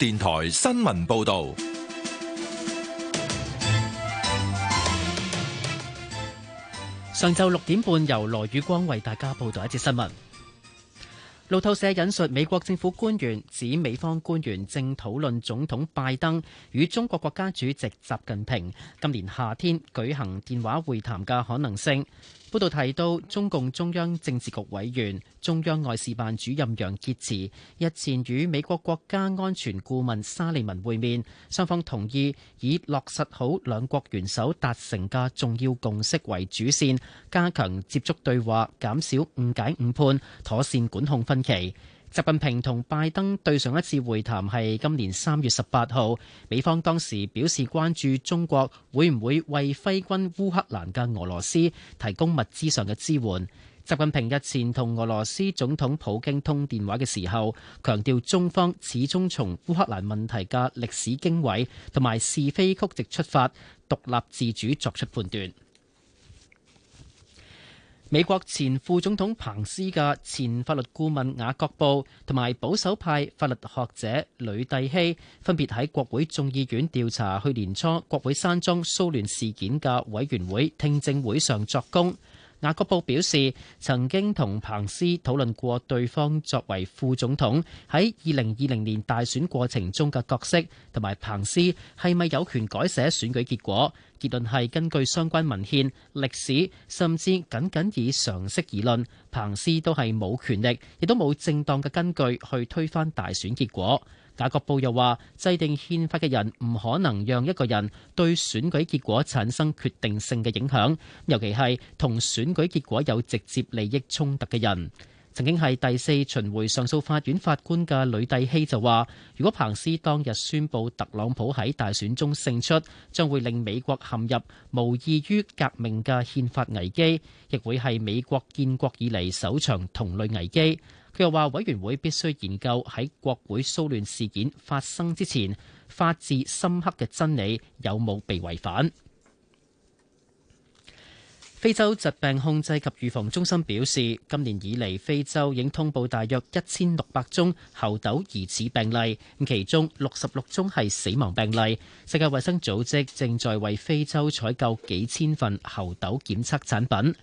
電台新聞報道，上晝六點半，由羅宇光為大家報道一節新聞。路透社引述美國政府官員指，美方官員正討論總統拜登與中國國家主席習近平今年夏天舉行電話會談嘅可能性。報道提到，中共中央政治局委員、中央外事辦主任楊潔篪日前與美國國家安全顧問沙利文會面，雙方同意以落實好兩國元首達成嘅重要共識為主線，加強接觸對話，減少誤解誤判，妥善管控分歧。習近平同拜登對上一次會談係今年三月十八號，美方當時表示關注中國會唔會為揮軍烏克蘭嘅俄羅斯提供物資上嘅支援。習近平日前同俄羅斯總統普京通電話嘅時候，強調中方始終從烏克蘭問題嘅歷史經緯同埋是非曲直出發，獨立自主作出判斷。美國前副總統彭斯嘅前法律顧問雅各布，同埋保守派法律學者呂蒂希，分別喺國會眾議院調查去年初國會山莊騷亂事件嘅委員會聽證會上作供。雅各布表示，曾經同彭斯討論過對方作為副總統喺二零二零年大選過程中嘅角色，同埋彭斯係咪有權改寫選舉結果，結論係根據相關文獻、歷史，甚至僅僅以常識而論，彭斯都係冇權力，亦都冇正當嘅根據去推翻大選結果。大國報又話：制定憲法嘅人唔可能讓一個人對選舉結果產生決定性嘅影響，尤其係同選舉結果有直接利益衝突嘅人。曾經係第四巡迴上訴法院法官嘅呂蒂希就話：如果彭斯當日宣布特朗普喺大選中勝出，將會令美國陷入無異於革命嘅憲法危機，亦會係美國建國以嚟首場同類危機。又話，委員會必須研究喺國會騷亂事件發生之前，法治深刻嘅真理有冇被違反。非洲疾病控制及預防中心表示，今年以嚟非洲已經通報大約一千六百宗猴痘疑似病例，咁其中六十六宗係死亡病例。世界衛生組織正在為非洲採購幾千份猴痘檢測產品。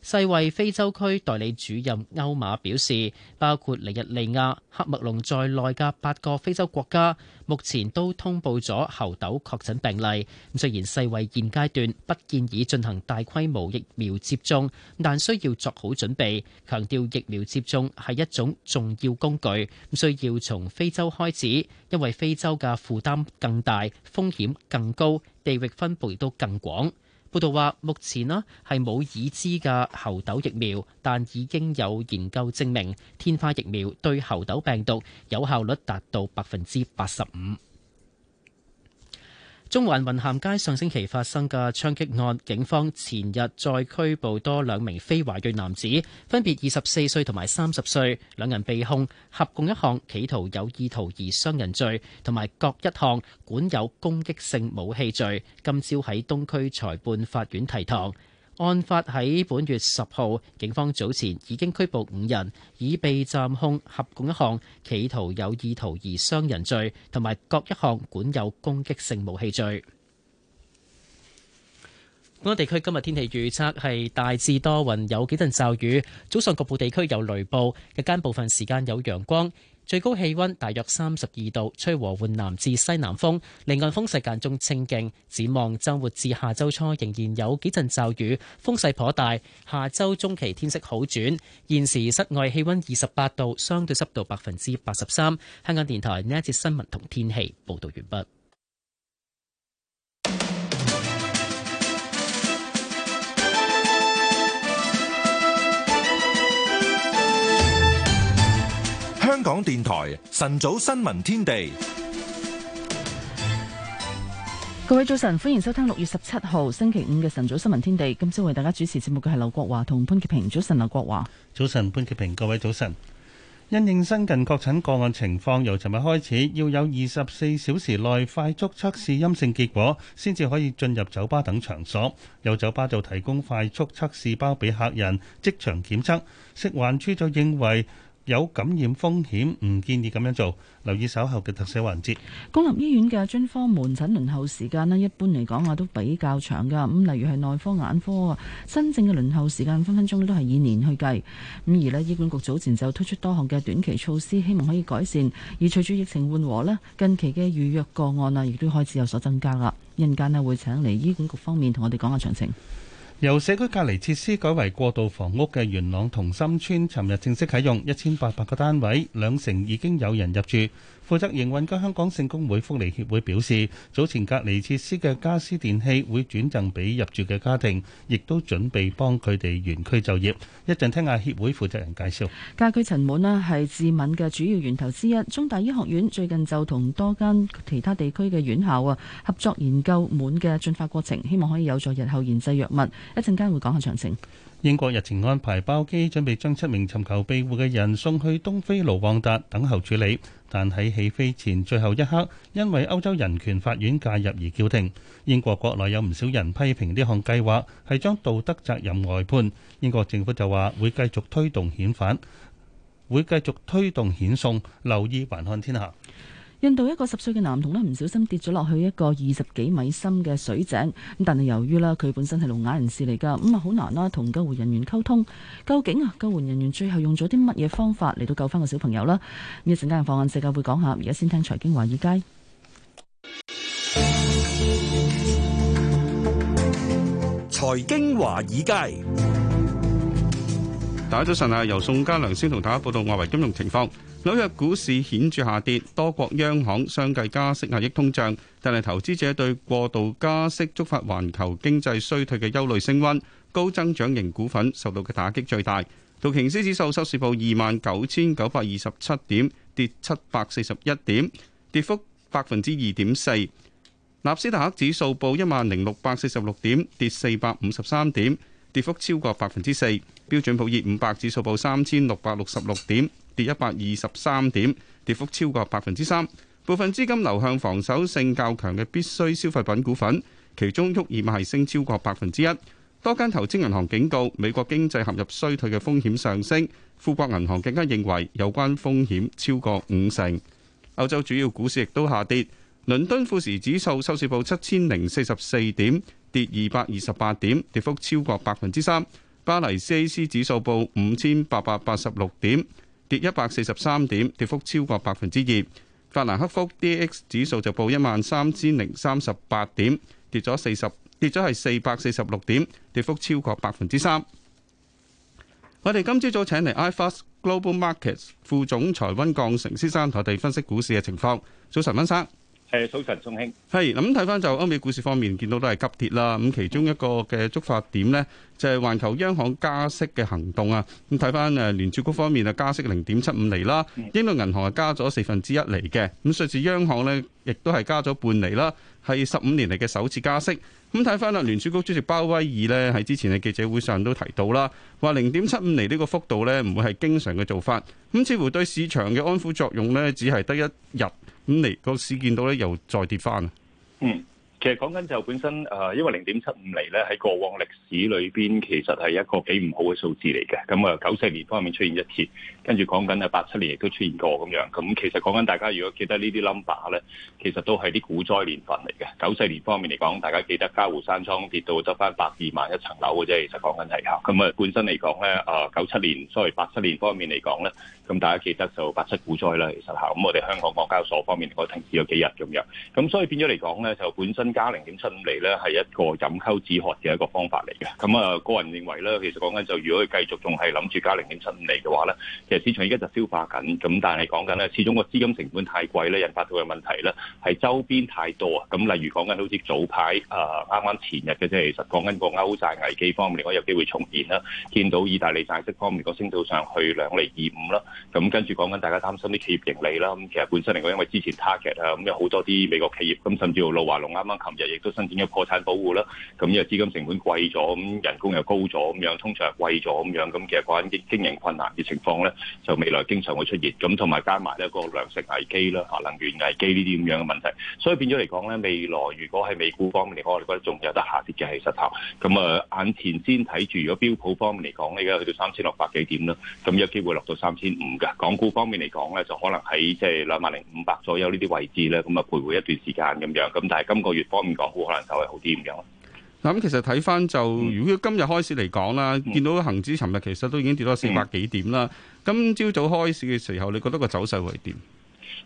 世衞非洲區代理主任歐瑪表示，包括尼日利亞、喀麥隆在內嘅八個非洲國家，目前都通報咗猴痘確診病例。咁雖然世衞現階段不建議進行大規模疫苗接種，但需要做好準備，強調疫苗接種係一種重要工具，需要從非洲開始，因為非洲的負擔更大，風險更高，地域分佈亦都更廣。報道話，目前啊係冇已知嘅猴痘疫苗，但已經有研究證明天花疫苗對猴痘病毒有效率達到百分之八十五。中環雲咸街上星期發生嘅槍擊案，警方前日再拘捕多兩名非華裔男子，分別二十四歲同埋三十歲，兩人被控合共一項企圖有意圖而傷人罪，同埋各一項管有攻擊性武器罪。今朝喺東區裁判法院提堂。案發喺本月十號，警方早前已經拘捕五人，已被暫控合共一項企圖有意圖而傷人罪，同埋各一項管有攻擊性武器罪。本港地區今日天氣預測係大致多雲，有幾陣驟雨，早上局部地區有雷暴，日間部分時間有陽光。最高氣溫大約三十二度，吹和緩南至西南風，離岸風勢間中清勁。展望週末至下週初仍然有幾陣驟雨，風勢頗大。下週中期天色好轉。現時室外氣溫二十八度，相對濕度百分之八十三。香港電台呢一節新聞同天氣報道完畢。香港電台晨早新聞天地，各位早晨，歡迎收聽六月十七號星期五嘅晨早新聞天地。今朝為大家主持節目嘅係劉國華同潘潔平。早晨，劉國華，早晨，潘潔平。各位早晨。因應新近確診個案情況，由尋日開始，要有二十四小時內快速測試陰性結果，先至可以進入酒吧等場所。有酒吧就提供快速測試包俾客人即場檢測。食環署就認為，有感染風險，唔建議咁樣做。留意稍後嘅特色環節。公立醫院嘅專科門診輪候時間咧，一般嚟講啊都比較長㗎。咁例如係內科、眼科啊，新症嘅輪候時間分分鐘都係以年去計。咁而呢醫管局早前就推出多項嘅短期措施，希望可以改善。而隨住疫情緩和咧，近期嘅預約個案啊，亦都開始有所增加啦。一陣間咧會請嚟醫管局方面同我哋講下詳情。由社區隔離設施改為過渡房屋嘅元朗同心村，尋日正式啟用一千八百個單位，兩成已經有人入住。負責營運嘅香港聖公會福利協會表示，早前隔離設施嘅家私電器會轉贈俾入住嘅家庭，亦都準備幫佢哋原區就業。一陣聽下協會負責人介紹。家居塵蟎呢係致敏嘅主要源頭之一，中大醫學院最近就同多間其他地區嘅院校啊合作研究蟎嘅進化過程，希望可以有助日後研製藥物。一陣間會講下詳情。英國日前安排包機，準備將七名尋求庇護嘅人送去東非盧旺達等候處理，但喺起飛前最後一刻，因為歐洲人權法院介入而叫停。英國國內有唔少人批評呢項計劃係將道德責任外判。英國政府就話會繼續推動遣返，會繼續推動遣送。留意環看天下。印度一個十歲嘅男童咧，唔小心跌咗落去一個二十幾米深嘅水井咁。但係由於咧，佢本身係聾啞人士嚟噶咁啊，好難啦同救援人員溝通。究竟啊，救援人員最後用咗啲乜嘢方法嚟到救翻個小朋友啦？呢一陣間放眼世界，會講下。而家先聽財經華爾街。財經華爾街，大家早晨啊！由宋家良先同大家報道外圍金融情況。紐約股市顯著下跌，多國央行相繼加息壓抑通脹，但係投資者對過度加息觸發環球經濟衰退嘅憂慮升温，高增長型股份受到嘅打擊最大。道瓊斯指數收市報二萬九千九百二十七點，跌七百四十一點，跌幅百分之二點四。納斯達克指數報一萬零六百四十六點，跌四百五十三點，跌幅超過百分之四。標準普爾五百指數報三千六百六十六點。跌一百二十三點，跌幅超過百分之三。部分資金流向防守性較強嘅必需消費品股份，其中沃爾瑪係升超過百分之一。多間投資銀行警告美國經濟陷入衰退嘅風險上升。富國銀行更加認為有關風險超過五成。歐洲主要股市亦都下跌，倫敦富時指數收市報七千零四十四點，跌二百二十八點，跌幅超過百分之三。巴黎 CAC 指數報五千八百八十六點。跌一百四十三點，跌幅超過百分之二。法蘭克福 DAX 指數就報一萬三千零三十八點，跌咗四十，跌咗係四百四十六點，跌幅超過百分之三。我哋今朝早請嚟 iFAST Global Markets 副總裁溫鋼城先生同我哋分析股市嘅情況。早晨，溫生。係早晨，宋兄。係咁睇翻就歐美股市方面，見到都係急跌啦。咁其中一個嘅觸發點呢？就係環球央行加息嘅行動啊！咁睇翻誒聯儲局方面啊，加息零點七五厘啦，英國銀行係加咗四分之一厘嘅，咁瑞士央行呢亦都係加咗半厘啦，係十五年嚟嘅首次加息。咁睇翻啦，聯儲局主席鮑威爾呢，喺之前嘅記者會上都提到啦，話零點七五厘呢個幅度呢唔會係經常嘅做法，咁似乎對市場嘅安撫作用呢，只係得一日，咁嚟個市見到呢，又再跌翻。嗯。其實講緊就本身誒，因為零點七五厘咧喺過往歷史裏邊，其實係一個幾唔好嘅數字嚟嘅。咁、嗯、啊，九四年方面出現一次，跟住講緊啊八七年亦都出現過咁樣。咁、嗯、其實講緊大家如果記得呢啲 number 咧，其實都係啲股災年份嚟嘅。九四年方面嚟講，大家記得嘉湖山莊跌到執翻百二萬一層樓嘅啫。其實講緊係嚇。咁、嗯、啊，本身嚟講咧，啊九七年所 o 八七年方面嚟講咧，咁、嗯、大家記得就八七股災啦。其實嚇，咁、嗯、我哋香港港交所方面都停止咗幾日咁樣。咁、嗯、所以變咗嚟講咧，就本身。加零點七五厘咧，係一個飲鴆止渴嘅一個方法嚟嘅。咁啊，個人認為咧，其實講緊就，如果佢繼續仲係諗住加零點七五厘嘅話咧，其實市場依家就在消化緊。咁但係講緊咧，始終個資金成本太貴咧，引發到嘅問題咧，係周邊太多、就是、啊。咁例如講緊好似早排啊，啱啱前日嘅啫，其實講緊個歐債危機方面，可能有機會重現啦。見到意大利債息方面個升到上去兩厘二五啦。咁跟住講緊大家擔心啲企業盈利啦。咁其實本身嚟講，因為之前 target 啊，咁有好多啲美國企業，咁甚至乎露華濃啱啱。琴日亦都申請咗破產保護啦，咁因為資金成本貴咗，咁人工又高咗，咁樣通常貴咗咁樣，咁其實關經營困難嘅情況咧，就未來經常會出現。咁同埋加埋呢個糧食危機啦、能源危機呢啲咁樣嘅問題，所以變咗嚟講咧，未來如果係美股方面嚟講，我哋覺得仲有得下跌嘅勢頭。咁啊，眼前先睇住，如果標普方面嚟講，呢家去到三千六百幾點啦，咁有機會落到三千五㗎。港股方面嚟講咧，就可能喺即係兩萬零五百左右呢啲位置咧，咁啊徘徊一段時間咁樣。咁但係今個月，方面講，好可能稍為好啲咁樣。嗱，咁其實睇翻就，嗯、如果今日開始嚟講啦，嗯、見到恆指尋日其實都已經跌咗四百幾點啦。嗯、今朝早開始嘅時候，你覺得個走勢會點？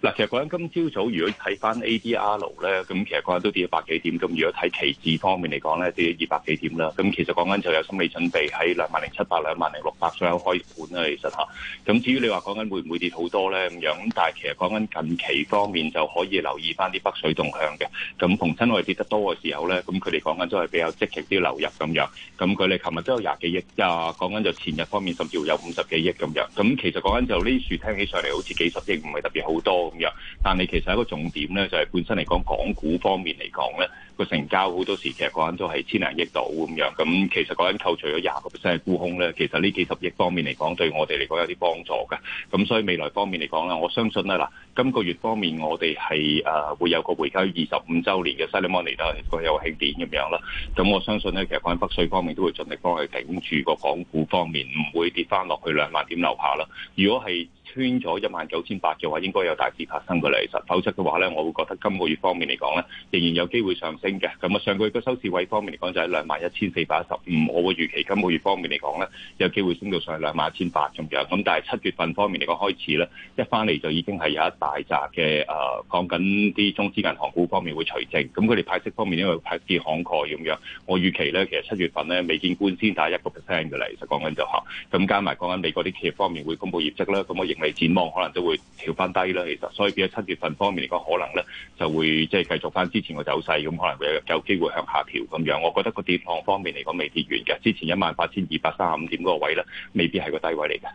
嗱，其實講緊今朝早如果睇翻 ADR 咧，咁其實講緊都跌咗百幾點。咁如果睇期指方面嚟講咧，跌咗二百幾點啦。咁其實講緊就有心理準備喺兩萬零七百、兩萬零六百左右開盤啦。其實吓，咁至於你話講緊會唔會跌好多咧咁樣？咁但係其實講緊近期方面就可以留意翻啲北水動向嘅。咁逢親外跌得多嘅時候咧，咁佢哋講緊都係比較積極啲流入咁樣。咁佢哋琴日都有廿幾億啊，講緊就前日方面甚至乎有五十幾億咁樣。咁其實講緊就呢樹聽起上嚟好似幾十億，唔係特別好多。咁樣，但係其實一個重點咧，就係本身嚟講，港股方面嚟講咧，個成交好多時其實講緊都係千零億度咁樣。咁其實講緊扣除咗廿個 percent 嘅沽空咧，其實呢幾十億方面嚟講，對我哋嚟講有啲幫助嘅。咁所以未來方面嚟講咧，我相信啦，嗱，今個月方面我哋係誒會有個回歸二十五週年嘅 ceremony，個有慶典咁樣啦。咁我相信咧，其實講緊北水方面都會盡力幫佢頂住個港股方面，唔會跌翻落去兩萬點樓下啦。如果係。穿咗一萬九千八嘅話，應該有大跌發生嘅嚟實，否則嘅話咧，我會覺得今個月方面嚟講咧，仍然有機會上升嘅。咁啊，上個月個收市位方面嚟講就係兩萬一千四百一十五，我會預期今個月方面嚟講咧，有機會升到上兩萬一千八咁樣。咁但係七月份方面嚟講開始咧，一翻嚟就已經係有一大扎嘅誒，講緊啲中資銀行股方面會除淨，咁佢哋派息方面因為派啲慷慨咁樣，我預期咧，其實七月份咧未見官先打一個 percent 嘅嚟實，就講緊就嚇。咁加埋講緊美國啲企業方面會公布業績啦。咁我認。嚟展望可能都會調翻低啦，其實，所以喺七月份方面嚟講，可能呢就會即係繼續翻之前嘅走勢，咁可能會有機會向下調咁樣。我覺得個跌浪方面嚟講未跌完嘅，之前一萬八千二百三十五點嗰個位呢，未必係個低位嚟嘅。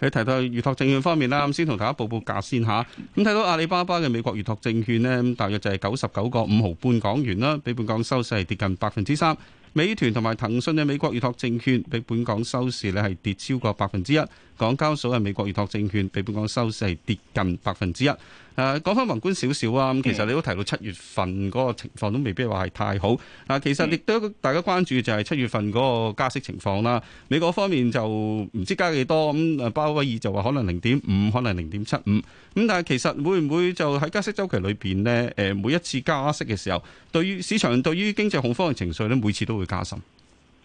你提到預託證券方面啦，咁先同大家報報價先下。咁、啊、睇到阿里巴巴嘅美國預託證券呢，大約就係九十九個五毫半港元啦，比本港收市係跌近百分之三。美團同埋騰訊嘅美國預託證券比本港收市呢係跌超過百分之一。港交所係美國預託證券，被本港收市跌近百分之一。誒，講翻宏觀少少啊，咁其實你都提到七月份嗰個情況都未必話係太好。啊，其實亦都大家關注就係七月份嗰個加息情況啦。美國方面就唔知加幾多咁，啊、嗯，鮑威爾就話可能零點五，可能零點七五。咁但係其實會唔會就喺加息週期裏邊呢？誒，每一次加息嘅時候，對於市場對於經濟恐慌嘅情緒呢，每次都會加深。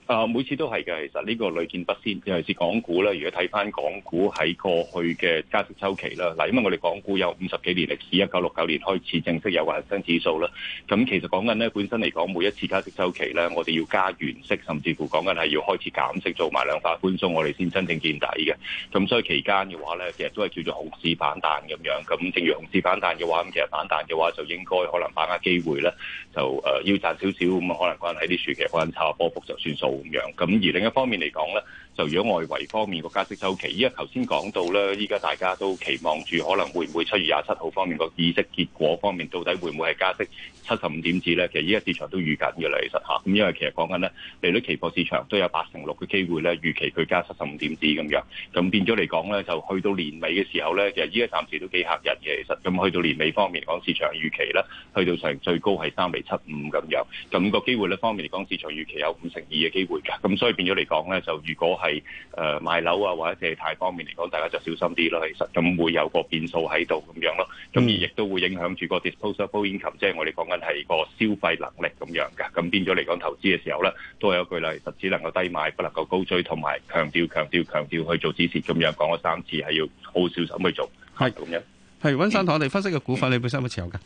啊，每次都係嘅，其實呢個屢見不鮮，尤其是港股咧。如果睇翻港股喺過去嘅加息周期啦，嗱，因為我哋港股有五十幾年歷史，一九六九年開始正式有恒生指數啦。咁其實講緊呢，本身嚟講，每一次加息周期咧，我哋要加原息，甚至乎講緊係要開始減息，做埋量化寬鬆，我哋先真正見底嘅。咁所以期間嘅話咧，其實都係叫做熊市反彈咁樣。咁正如熊市反彈嘅話，咁其實反彈嘅話，就應該可能把握機會咧，就誒要賺少少咁啊，可能嗰陣喺啲短期嗰陣炒下波幅就算數。咁樣，咁而另一方面嚟講咧，就如果外圍方面個加息周期，依家頭先講到咧，依家大家都期望住可能會唔會七月廿七號方面個議息結果方面，到底會唔會係加息七十五點子咧？其實依家市場都預緊嘅啦，其實嚇。咁因為其實講緊咧，利率期貨市場都有八成六嘅機會咧，預期佢加七十五點子咁樣。咁變咗嚟講咧，就去到年尾嘅時候咧，其實依家暫時都幾嚇人嘅。其實咁去到年尾方面嚟講，市場預期咧，去到成最高係三釐七五咁樣。咁個機會咧方面嚟講，市場預期有五成二嘅機會㗎。咁所以變咗嚟講咧，就如果係誒，買樓啊，或者借貸方面嚟講，大家就小心啲咯。其實咁會有個變數喺度，咁樣咯。咁而亦都會影響住個 disposable income，即係我哋講緊係個消費能力咁樣噶。咁變咗嚟講，投資嘅時候咧，都係一句啦，其實只能夠低買，不能夠高追，同埋強調、強調、強調去做止蝕，咁樣講咗三次，係要好小心去做係咁樣。係溫生，我哋分析嘅股份，你本身有冇持有噶？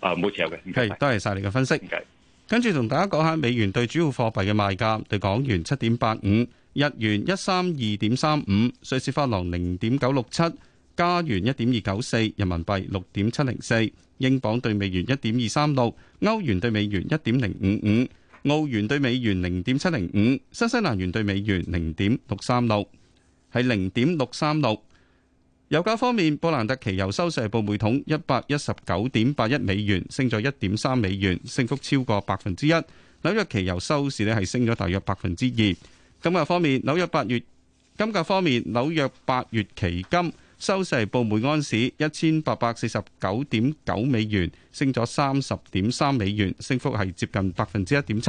啊，冇持有嘅，係多謝晒你嘅分析。跟住同大家講下美元對主要貨幣嘅賣價，對港元七點八五。日元一三二點三五，瑞士法郎零點九六七，加元一點二九四，人民幣六點七零四，英鎊兌美元一點二三六，歐元兌美元一點零五五，澳元兌美元零點七零五，新西蘭元兌美元零點六三六，係零點六三六。油價方面，布蘭特期油收市報每桶一百一十九點八一美元，升咗一點三美元，升幅超過百分之一。紐約期油收市呢係升咗大約百分之二。金價方面，紐約八月金價方面，紐約八月期金收市報每盎司一千八百四十九點九美元，升咗三十點三美元，升幅係接近百分之一點七。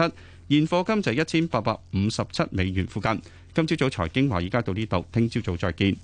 現貨金就一千八百五十七美元附近。今朝早財經話，而家到呢度，聽朝早再見。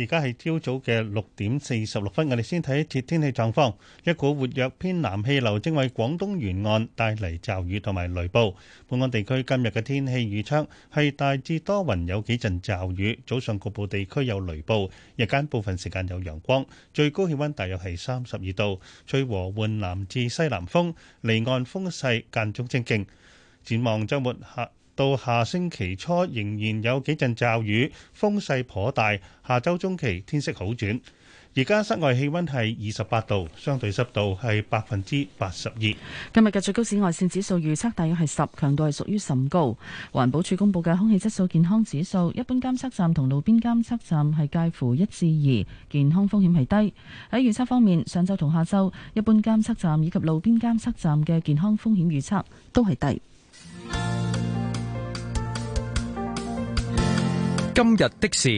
而家係朝早嘅六點四十六分，我哋先睇一節天氣狀況。一股活躍偏南氣流正為廣東沿岸帶嚟驟雨同埋雷暴。本港地區今日嘅天氣預測係大致多雲，有幾陣驟雨，早上局部地區有雷暴，日間部分時間有陽光，最高氣温大約係三十二度，吹和緩南至西南風，離岸風勢間中正勁。展望周末下。到下星期初仍然有幾陣驟雨，風勢頗大。下周中期天色好轉。而家室外氣溫係二十八度，相對濕度係百分之八十二。今日嘅最高紫外線指數預測大約係十，強度係屬於甚高。環保署公佈嘅空氣質素健康指數，一般監測站同路邊監測站係介乎一至二，健康風險係低。喺預測方面，上晝同下晝一般監測站以及路邊監測站嘅健康風險預測都係低。今日的事，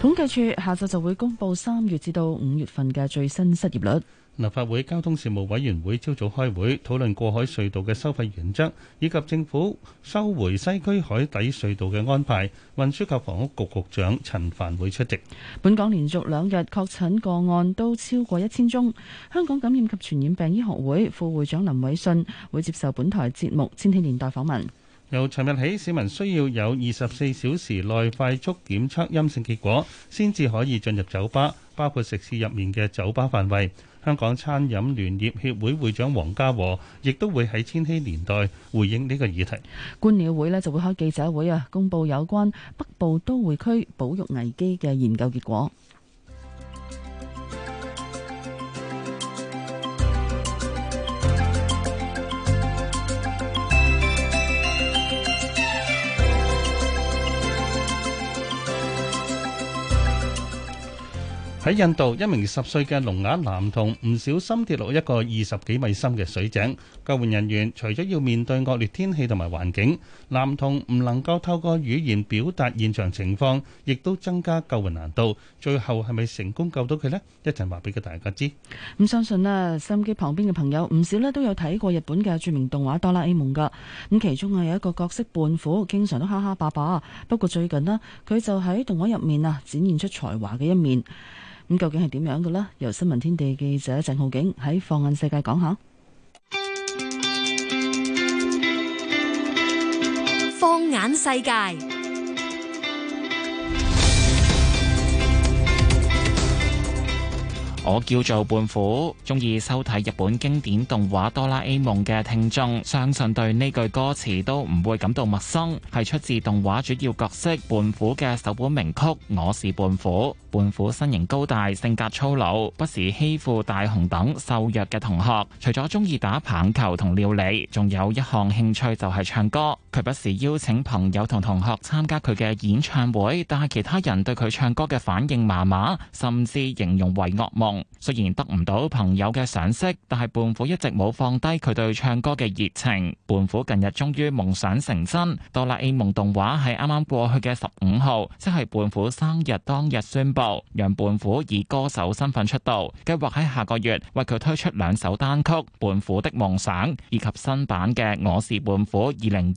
統計處下晝就會公布三月至到五月份嘅最新失業率。立法會交通事務委員會朝早開會討論過海隧道嘅收費原則，以及政府收回西區海底隧道嘅安排。運輸及房屋局局局長陳帆會出席。本港連續兩日確診個案都超過一千宗。香港感染及傳染病醫學會副會長林偉信會接受本台節目《千禧年代》訪問。由尋日起，市民需要有二十四小時內快速檢測陰性結果，先至可以進入酒吧，包括食肆入面嘅酒吧範圍。香港餐飲聯業協會會長黃家和亦都會喺千禧年代回應呢個議題。觀鳥會呢就會開記者會啊，公布有關北部都會區保育危機嘅研究結果。喺印度，一名十歲嘅聾啞男童唔小心跌落一個二十幾米深嘅水井，救援人員除咗要面對惡劣天氣同埋環境，男童唔能夠透過語言表達現場情況，亦都增加救援難度。最後係咪成功救到佢呢？一陣話俾個大家知。咁相信呢，收機旁邊嘅朋友唔少咧，都有睇過日本嘅著名動畫《哆啦 A 夢》噶。咁其中啊有一個角色胖虎，經常都蝦蝦霸霸。不過最近呢，佢就喺動畫入面啊，展現出才華嘅一面。咁究竟係點樣嘅呢？由新聞天地記者鄭浩景喺放眼世界講下。放眼世界。我叫做胖虎，中意收睇日本經典動畫《哆啦 A 夢》嘅聽眾，相信對呢句歌詞都唔會感到陌生，係出自動畫主要角色胖虎嘅首本名曲《我是胖虎》。胖虎身形高大，性格粗魯，不時欺負大雄等瘦弱嘅同學。除咗中意打棒球同料理，仲有一項興趣就係唱歌。佢不時邀請朋友同同學參加佢嘅演唱會，但係其他人對佢唱歌嘅反應麻麻，甚至形容為噩夢。雖然得唔到朋友嘅賞識，但係胖虎一直冇放低佢對唱歌嘅熱情。胖虎近日終於夢想成真，哆啦 A 夢動畫喺啱啱過去嘅十五號，即係胖虎生日當日宣布，讓胖虎以歌手身份出道。計劃喺下個月為佢推出兩首單曲《胖虎的夢想》以及新版嘅《我是胖虎2022》，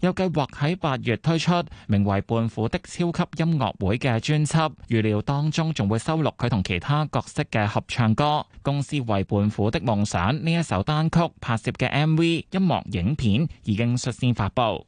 又計劃喺八月推出名為《胖虎的超級音樂會》嘅專輯。預料當中仲會收錄佢同其他角色。嘅合唱歌《公司為伴虎的夢想》，呢一首單曲拍攝嘅 MV 音樂影片已經率先發布。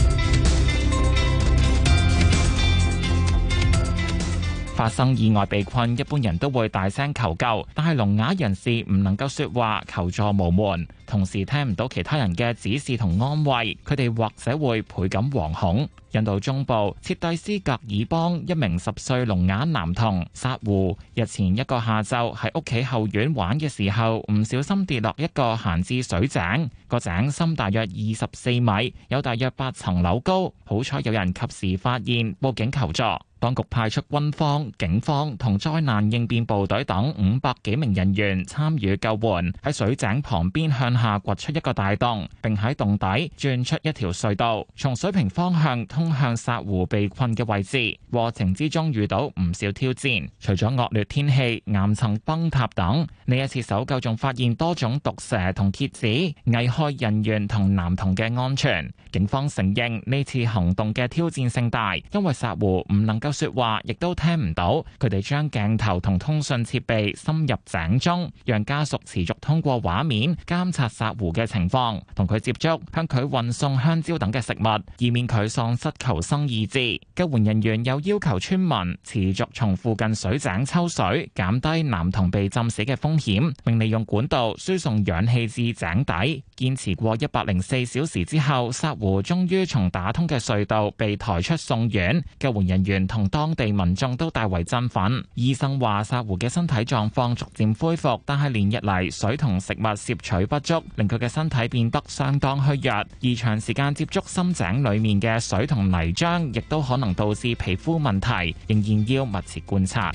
發生意外被困，一般人都會大聲求救，但係聾啞人士唔能夠說話求助無門，同時聽唔到其他人嘅指示同安慰，佢哋或者會倍感惶恐。印度中部切蒂斯格爾邦一名十歲聾啞男童沙胡日前一個下晝喺屋企後院玩嘅時候，唔小心跌落一個閒置水井，個井深大約二十四米，有大約八層樓高，好彩有人及時發現報警求助。當局派出軍方、警方同災難應變部隊等五百幾名人員參與救援，喺水井旁邊向下掘出一個大洞，並喺洞底鑽出一條隧道，從水平方向通向沙湖被困嘅位置。過程之中遇到唔少挑戰，除咗惡劣天氣、岩層崩塌等，呢一次搜救仲發現多種毒蛇同蠍子，危害人員同男童嘅安全。警方承認呢次行動嘅挑戰性大，因為沙湖唔能夠。說話亦都聽唔到，佢哋將鏡頭同通訊設備深入井中，讓家屬持續通過畫面監察沙狐嘅情況，同佢接觸，向佢運送香蕉等嘅食物，以免佢喪失求生意志。救援人員又要求村民持續從附近水井抽水，減低男童被浸死嘅風險，並利用管道輸送氧氣至井底。堅持過一百零四小時之後，沙狐終於從打通嘅隧道被抬出送院。救援人員同同當地民眾都大為振奮。醫生話，薩胡嘅身體狀況逐漸恢復，但係連日嚟水同食物攝取不足，令佢嘅身體變得相當虛弱。而長時間接觸深井裏面嘅水同泥漿，亦都可能導致皮膚問題，仍然要密切觀察。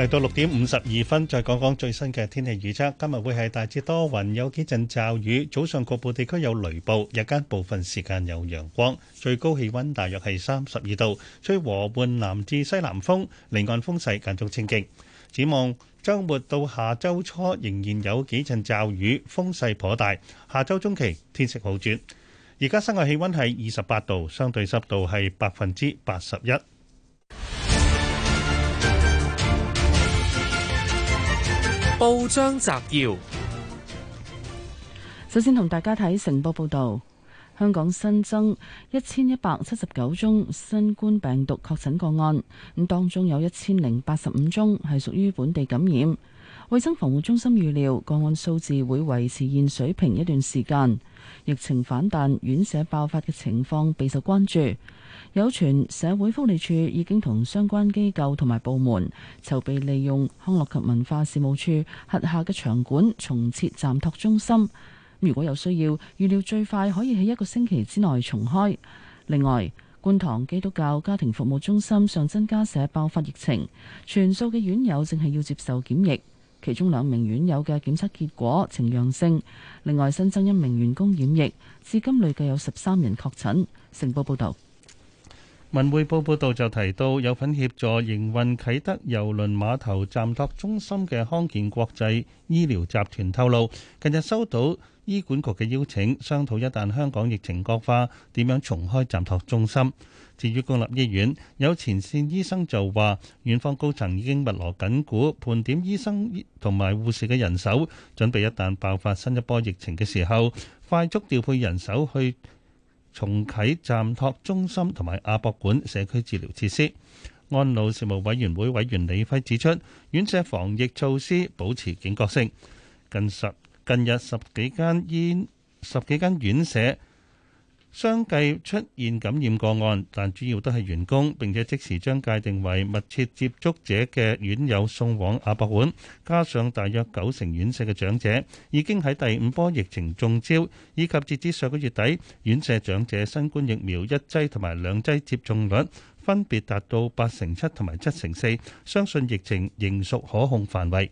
嚟到六點五十二分，再講講最新嘅天氣預測。今日會係大致多雲，有幾陣驟雨，早上局部地區有雷暴，日間部分時間有陽光，最高氣温大約係三十二度，吹和緩南至西南風，沿岸風勢間中清勁。展望週末到下周初仍然有幾陣驟雨，風勢頗大。下周中期天色好轉。而家室外氣温係二十八度，相對濕度係百分之八十一。報章摘要：首先同大家睇成報報道，香港新增一千一百七十九宗新冠病毒確診個案，咁當中有一千零八十五宗係屬於本地感染。衛生防護中心預料個案數字會維持現水平一段時間，疫情反彈、院舍爆發嘅情況備受關注。有傳社會福利署已經同相關機構同埋部門籌備利用康樂及文化事務處轄下嘅場館重設暫托中心。如果有需要，預料最快可以喺一個星期之內重開。另外，觀塘基督教家庭服務中心上增加社爆發疫情，全數嘅院友正係要接受檢疫，其中兩名院友嘅檢測結果呈陽性。另外新增一名員工染疫，至今累計有十三人確診。成報報道。文匯報報道就提到，有份協助營運啟德郵輪碼頭站托中心嘅康健國際醫療集團透露，近日收到醫管局嘅邀請，商討一旦香港疫情惡化，點樣重開站托中心。至於公立醫院，有前線醫生就話，院方高層已經密鑼緊鼓，盤點醫生同埋護士嘅人手，準備一旦爆發新一波疫情嘅時候，快速調配人手去。重啟暫托中心同埋亞博館社區治療設施。安老事務委員會委員李輝指出，院舍防疫措施保持警覺性。近十，近日十幾間醫，十幾間院舍相繼出現感染個案，但主要都係員工，並且即時將界定為密切接觸者嘅院友送往亞博館。加上大約九成院舍嘅長者已經喺第五波疫情中招，以及截至上個月底，院舍長者新冠疫苗一劑同埋兩劑接種率分別達到八成七同埋七成四，相信疫情仍屬可控範圍。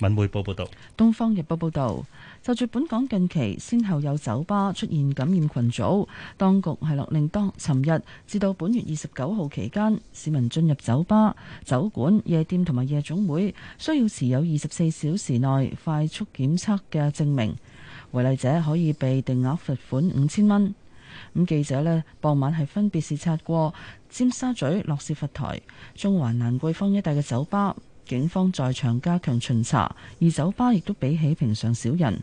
文匯報報道。東方日報報道。就住本港近期，先後有酒吧出現感染群組，當局係落令當尋日至到本月二十九號期間市民進入酒吧、酒館、夜店、同埋夜總會需要持有二十四小時內快速檢測嘅證明，違例者可以被定額罰款五千蚊。咁記者呢傍晚，係分別視察過尖沙咀諾士佛臺、中環蘭桂坊一帶嘅酒吧。警方在場加強巡查，而酒吧亦都比起平常少人。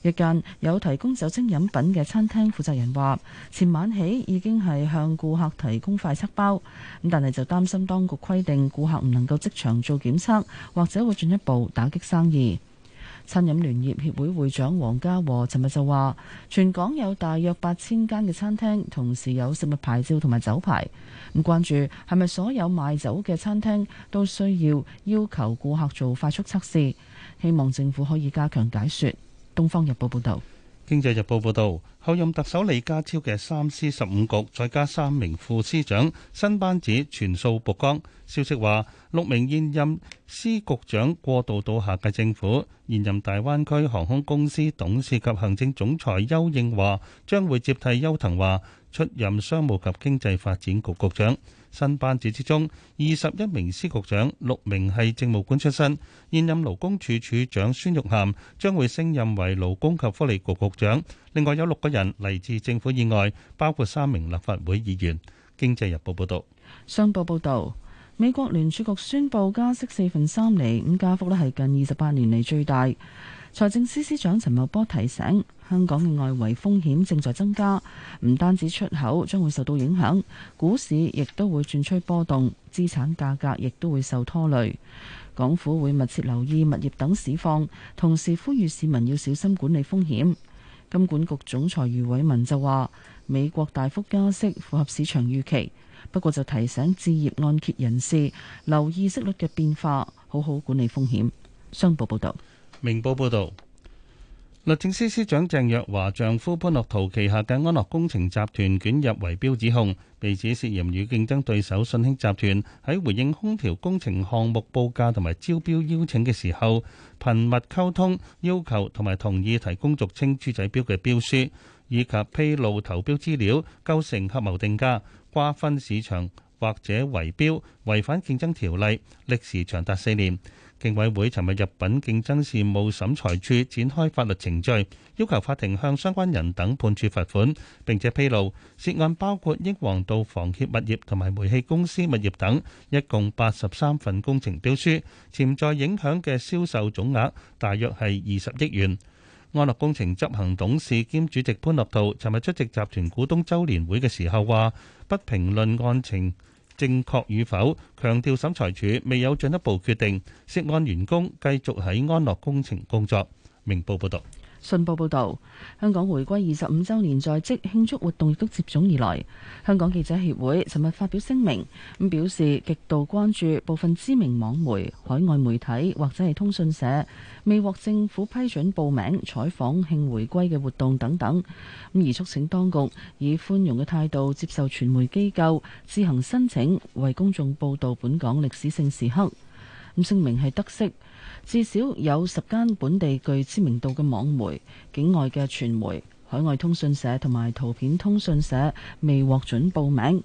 一間有提供酒精飲品嘅餐廳負責人話，前晚起已經係向顧客提供快測包，咁但係就擔心當局規定顧客唔能夠即場做檢測，或者會進一步打擊生意。餐飲聯業協會會長黃家和，尋日就話，全港有大約八千間嘅餐廳，同時有食物牌照，同埋酒牌。咁關注係咪所有賣酒嘅餐廳都需要要求顧客做快速測試？希望政府可以加強解說。東方日報報道。經濟日報報導，候任特首李家超嘅三司十五局再加三名副司長，新班子全數曝光。消息話，六名現任司局長過渡到下屆政府。現任大灣區航空公司董事及行政總裁邱應樺，將會接替邱騰華出任商務及經濟發展局局長。新班子之中，二十一名司局長，六名係政務官出身。現任勞工處處長孫玉菡將會升任為勞工及福利局局長。另外有六個人嚟自政府以外，包括三名立法會議員。經濟日報報道，商報報道，美國聯儲局宣布加息四分三厘，五加幅咧係近二十八年嚟最大。財政司司長陳茂波提醒，香港嘅外圍風險正在增加，唔單止出口將會受到影響，股市亦都會轉趨波動，資產價格亦都會受拖累。港府會密切留意物業等市況，同時呼籲市民要小心管理風險。金管局總裁余偉文就話：美國大幅加息符合市場預期，不過就提醒置業按揭人士留意息率嘅變化，好好管理風險。商報報導。明報報道，律政司司長鄭若驊丈夫潘樂陶旗下嘅安樂工程集團捲入圍標指控，被指涉嫌與競爭對手信興集團喺回應空調工程項目報價同埋招標邀請嘅時候，頻密溝通，要求同埋同意提供俗稱豬仔標嘅標書，以及披露投標資料，構成合謀定價、瓜分市場或者圍標，違反競爭條例，歷時長達四年。競委會尋日入稟競爭事務審裁處展開法律程序，要求法庭向相關人等判處罰款，並且披露涉案包括英皇道房協物業同埋煤氣公司物業等，一共八十三份工程標書，潛在影響嘅銷售總額大約係二十億元。安樂工程執行董事兼主席潘樂陶尋日出席集團股東周年會嘅時候話，不評論案情。正確與否，強調審裁處未有進一步決定，涉案員工繼續喺安樂工程工作。明報報道。信報報導，香港回歸二十五週年在即，慶祝活動亦都接踵而來。香港記者協會尋日發表聲明，咁表示極度關注部分知名網媒、海外媒體或者係通訊社未獲政府批准報名採訪慶回歸嘅活動等等，咁而促請當局以寬容嘅態度接受傳媒機構自行申請為公眾報導本港歷史性時刻。咁聲明係得悉，至少有十間本地具知名度嘅網媒、境外嘅傳媒、海外通訊社同埋圖片通訊社未獲准報名。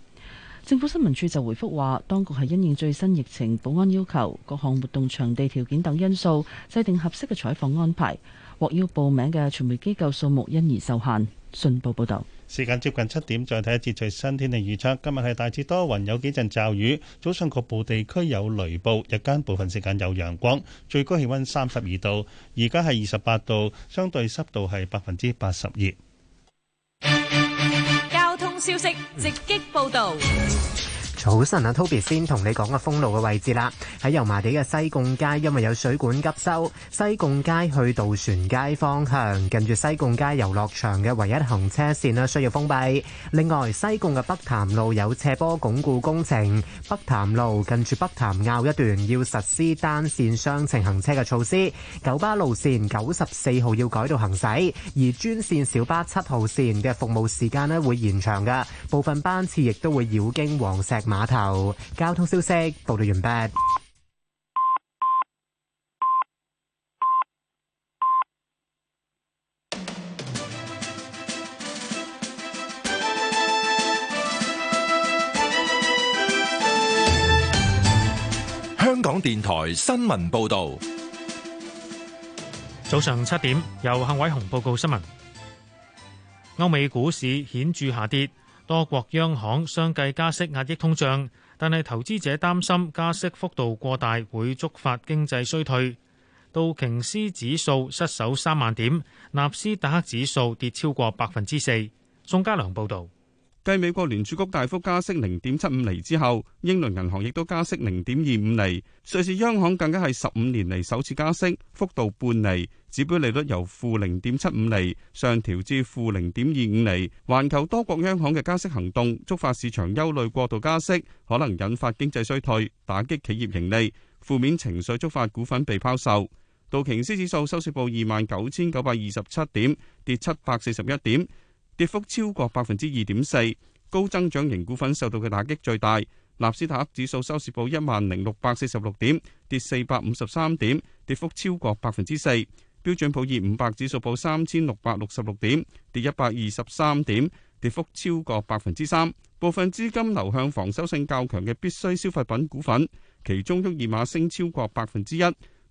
政府新聞處就回覆話，當局係因應最新疫情保安要求、各項活動場地條件等因素，制定合適嘅採訪安排，獲要報名嘅傳媒機構數目因而受限。信報報道。時間接近七點，再睇一次最新天氣預測。今日係大致多雲，有幾陣驟雨。早上局部地區有雷暴，日間部分時間有陽光。最高氣溫三十二度，而家係二十八度，相對濕度係百分之八十二。交通消息，直擊報導，直擊報道。早晨啊，Toby 先同你講個封路嘅位置啦。喺油麻地嘅西貢街，因為有水管急修，西貢街去渡船街方向，近住西貢街遊樂場嘅唯一行車線咧需要封閉。另外，西貢嘅北潭路有斜坡鞏固工程，北潭路近住北潭坳一段要實施單線雙程行車嘅措施。九巴路綫九十四號要改道行駛，而專綫小巴七號綫嘅服務時間咧會延長嘅，部分班次亦都會繞經黃石。碼頭交通消息報道完畢。香港電台新聞報道，早上七點由幸偉雄報告新聞。歐美股市顯著下跌。多國央行相繼加息壓抑通脹，但係投資者擔心加息幅度過大，會觸發經濟衰退。道瓊斯指數失守三萬點，納斯達克指數跌超過百分之四。宋家良報導，繼美國聯儲局大幅加息零點七五厘之後，英倫銀行亦都加息零點二五厘。瑞士央行更加係十五年嚟首次加息，幅度半厘。指標利率由負零點七五厘上調至負零點二五厘。環球多國央行嘅加息行動，觸發市場憂慮，過度加息可能引發經濟衰退，打擊企業盈利，負面情緒觸發股份被拋售。道瓊斯指數收市報二萬九千九百二十七點，跌七百四十一點，跌幅超過百分之二點四。高增長型股份受到嘅打擊最大。納斯達克指數收市報一萬零六百四十六點，跌四百五十三點，跌幅超過百分之四。標準普爾五百指數報三千六百六十六點，跌一百二十三點，跌幅超過百分之三。部分資金流向防守性較強嘅必需消費品股份，其中沃爾瑪升超過百分之一。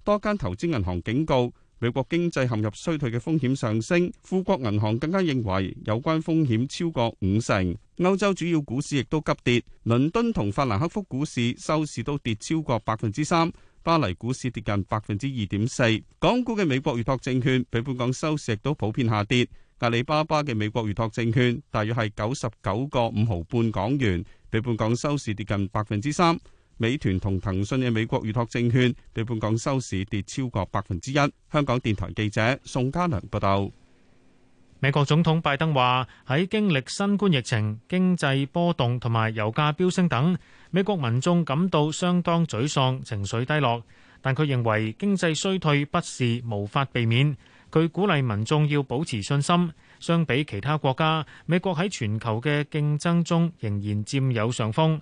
多間投資銀行警告美國經濟陷入衰退嘅風險上升，富國銀行更加認為有關風險超過五成。歐洲主要股市亦都急跌，倫敦同法蘭克福股市收市都跌超過百分之三。巴黎股市跌近百分之二點四，港股嘅美國預託證券比本港收市亦都普遍下跌。阿里巴巴嘅美國預託證券大約係九十九個五毫半港元，比本港收市跌近百分之三。美團同騰訊嘅美國預託證券比本港收市跌超過百分之一。香港電台記者宋家良報道。美國總統拜登話：喺經歷新冠疫情、經濟波動同埋油價飆升等，美國民眾感到相當沮喪、情緒低落。但佢認為經濟衰退不是無法避免。佢鼓勵民眾要保持信心。相比其他國家，美國喺全球嘅競爭中仍然佔有上風。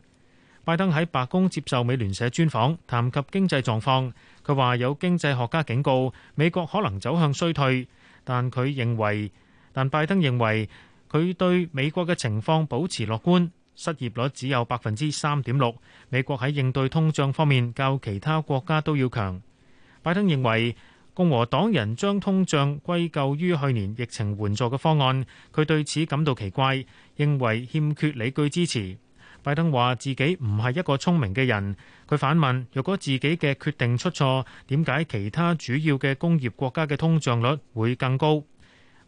拜登喺白宮接受美聯社專訪，談及經濟狀況，佢話有經濟學家警告美國可能走向衰退，但佢認為。但拜登認為，佢對美國嘅情況保持樂觀，失業率只有百分之三點六。美國喺應對通脹方面較其他國家都要強。拜登認為共和黨人將通脹歸咎於去年疫情援助嘅方案，佢對此感到奇怪，認為欠缺理據支持。拜登話自己唔係一個聰明嘅人，佢反問，如果自己嘅決定出錯，點解其他主要嘅工業國家嘅通脹率會更高？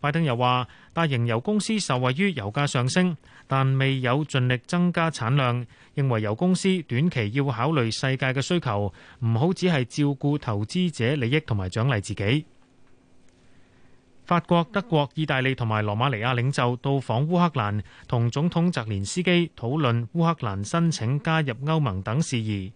拜登又話：大型油公司受惠於油價上升，但未有盡力增加產量。認為油公司短期要考慮世界嘅需求，唔好只係照顧投資者利益同埋獎勵自己。法國、德國、意大利同埋羅馬尼亞領袖到訪烏克蘭，同總統澤連斯基討論烏克蘭申請加入歐盟等事宜。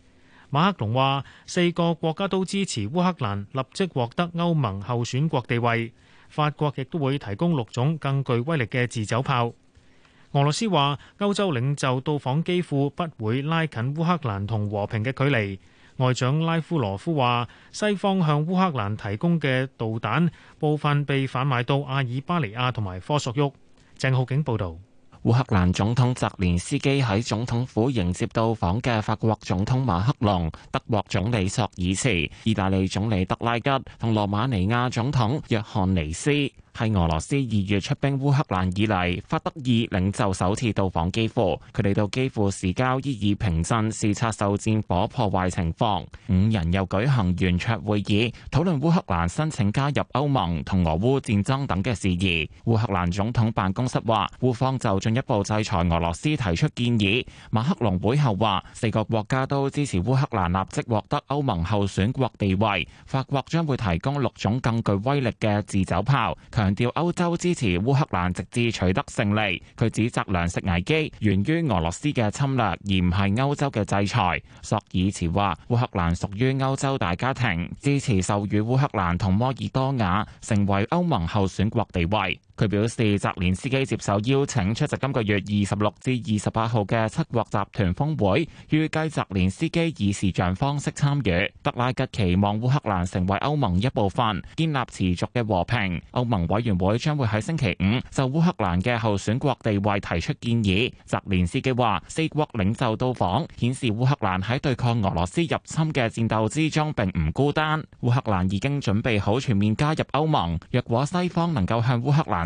馬克龍話：四個國家都支持烏克蘭立即獲得歐盟候選國地位。法國亦都會提供六種更具威力嘅自走炮。俄羅斯話歐洲領袖到訪幾乎不會拉近烏克蘭同和，和平嘅距離。外長拉夫羅夫話：西方向烏克蘭提供嘅導彈部分被販賣到阿爾巴尼亞同埋科索沃。鄭浩景報導。烏克蘭總統澤連斯基喺總統府迎接到訪嘅法國總統馬克龍、德國總理索爾茨、意大利總理德拉吉同羅馬尼亞總統約翰尼斯。喺俄羅斯二月出兵烏克蘭以嚟，法德意領袖首次到訪基輔，佢哋到基輔市郊伊爾平鎮視察受戰火破壞情況。五人又舉行圓桌會議，討論烏克蘭申請加入歐盟同俄烏戰爭等嘅事宜。烏克蘭總統辦公室話，烏方就進一步制裁俄羅斯提出建議。馬克龍會後話，四個國家都支持烏克蘭立即獲得歐盟候選國地位。法國將會提供六種更具威力嘅自走炮。強調歐洲支持烏克蘭直至取得勝利。佢指責糧食危機源於俄羅斯嘅侵略，而唔係歐洲嘅制裁。索爾茨話：烏克蘭屬於歐洲大家庭，支持授予烏克蘭同摩爾多瓦成為歐盟候選國地位。佢表示，澤連斯基接受邀請出席今個月二十六至二十八號嘅七國集團峰會，預計澤連斯基以視像方式參與。德拉吉期望烏克蘭成為歐盟一部分，建立持續嘅和平。歐盟委員會將會喺星期五就烏克蘭嘅候選國地位提出建議。澤連斯基話，四國領袖到訪顯示烏克蘭喺對抗俄羅斯入侵嘅戰鬥之中並唔孤單。烏克蘭已經準備好全面加入歐盟。若果西方能夠向烏克蘭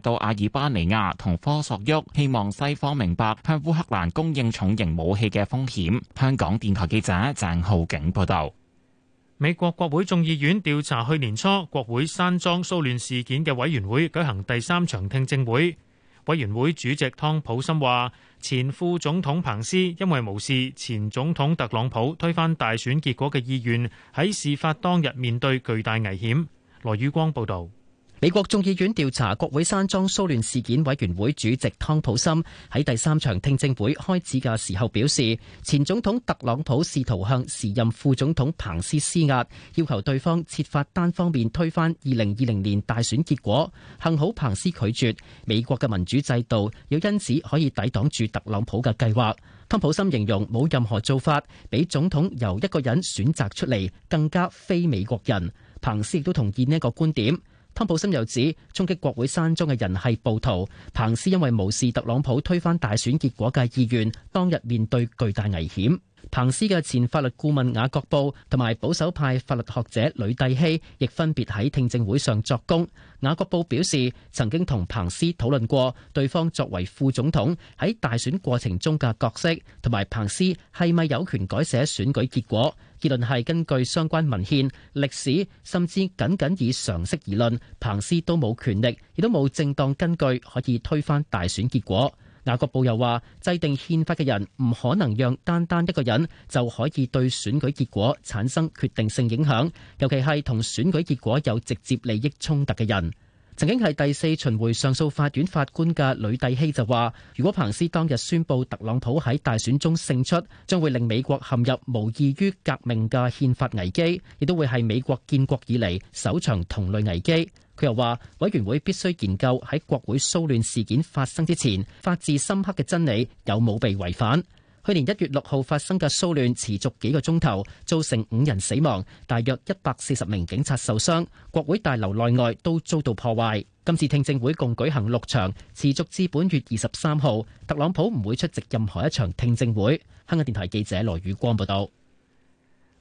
到阿爾巴尼亞同科索沃，希望西方明白向烏克蘭供應重型武器嘅風險。香港電台記者鄭浩景報道。美國國會眾議院調查去年初國會山莊騷亂事件嘅委員會舉行第三場聽證會。委員會主席湯普森話，前副總統彭斯因為無視前總統特朗普推翻大選結果嘅意願，喺事發當日面對巨大危險。羅宇光報道。美國眾議院調查國會山莊騷亂事件委員會主席湯普森喺第三場聽證會開始嘅時候表示，前總統特朗普試圖向時任副總統彭斯施壓，要求對方設法單方面推翻二零二零年大選結果。幸好彭斯拒絕，美國嘅民主制度又因此可以抵擋住特朗普嘅計劃。湯普森形容冇任何做法比總統由一個人選擇出嚟更加非美國人。彭斯亦都同意呢一個觀點。特朗普又指，衝擊國會山莊嘅人係暴徒。彭斯因為無視特朗普推翻大選結果嘅意願，當日面對巨大危險。彭斯嘅前法律顧問雅各布同埋保守派法律學者呂蒂希，亦分別喺聽證會上作供。雅各布表示，曾經同彭斯討論過對方作為副總統喺大選過程中嘅角色，同埋彭斯係咪有權改寫選舉結果。結論係根據相關文獻、歷史，甚至僅僅以常識而論，彭斯都冇權力，亦都冇正當根據可以推翻大選結果。雅各布又話：制定憲法嘅人唔可能讓單單一個人就可以對選舉結果產生決定性影響，尤其係同選舉結果有直接利益衝突嘅人。曾經係第四巡迴上訴法院法官嘅呂蒂希就話：如果彭斯當日宣布特朗普喺大選中勝出，將會令美國陷入無異於革命嘅憲法危機，亦都會係美國建國以嚟首場同類危機。佢又話：委員會必須研究喺國會騷亂事件發生之前，法治深刻嘅真理有冇被違反。去年一月六號發生嘅騷亂持續幾個鐘頭，造成五人死亡，大約一百四十名警察受傷，國會大樓內外都遭到破壞。今次聽證會共舉行六場，持續至本月二十三號。特朗普唔會出席任何一場聽證會。香港電台記者羅宇光報道。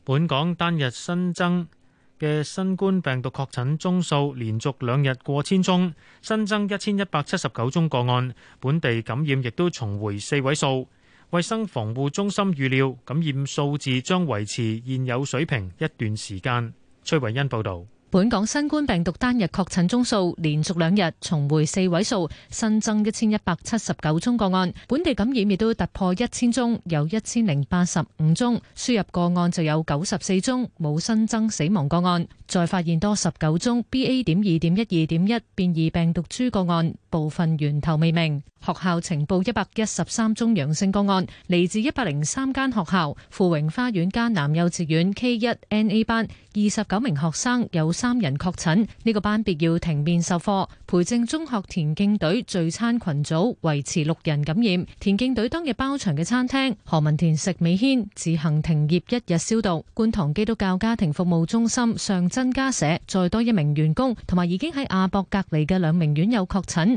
本港單日新增嘅新冠病毒確診宗數連續兩日過千宗，新增一千一百七十九宗個案，本地感染亦都重回四位數。衛生防護中心預料感染數字將維持現有水平一段時間。崔慧恩報道，本港新冠病毒單日確診宗數連續兩日重回四位數，新增一千一百七十九宗個案，本地感染亦都突破一千宗，有一千零八十五宗。輸入個案就有九十四宗，冇新增死亡個案，再發現多十九宗 BA 點二點一二點一變異病毒株個案。部分源頭未明，學校呈報一百一十三宗陽性個案，嚟自一百零三間學校。富榮花園加南幼稚園 K 一 NA 班二十九名學生有三人確診，呢、這個班別要停面授課。培正中學田徑隊聚餐群組維持六人感染，田徑隊當日包場嘅餐廳何文田食美軒，自行停業一日消毒。觀塘基督教家庭服務中心上增家社，再多一名員工同埋已經喺亞博隔離嘅兩名院友確診。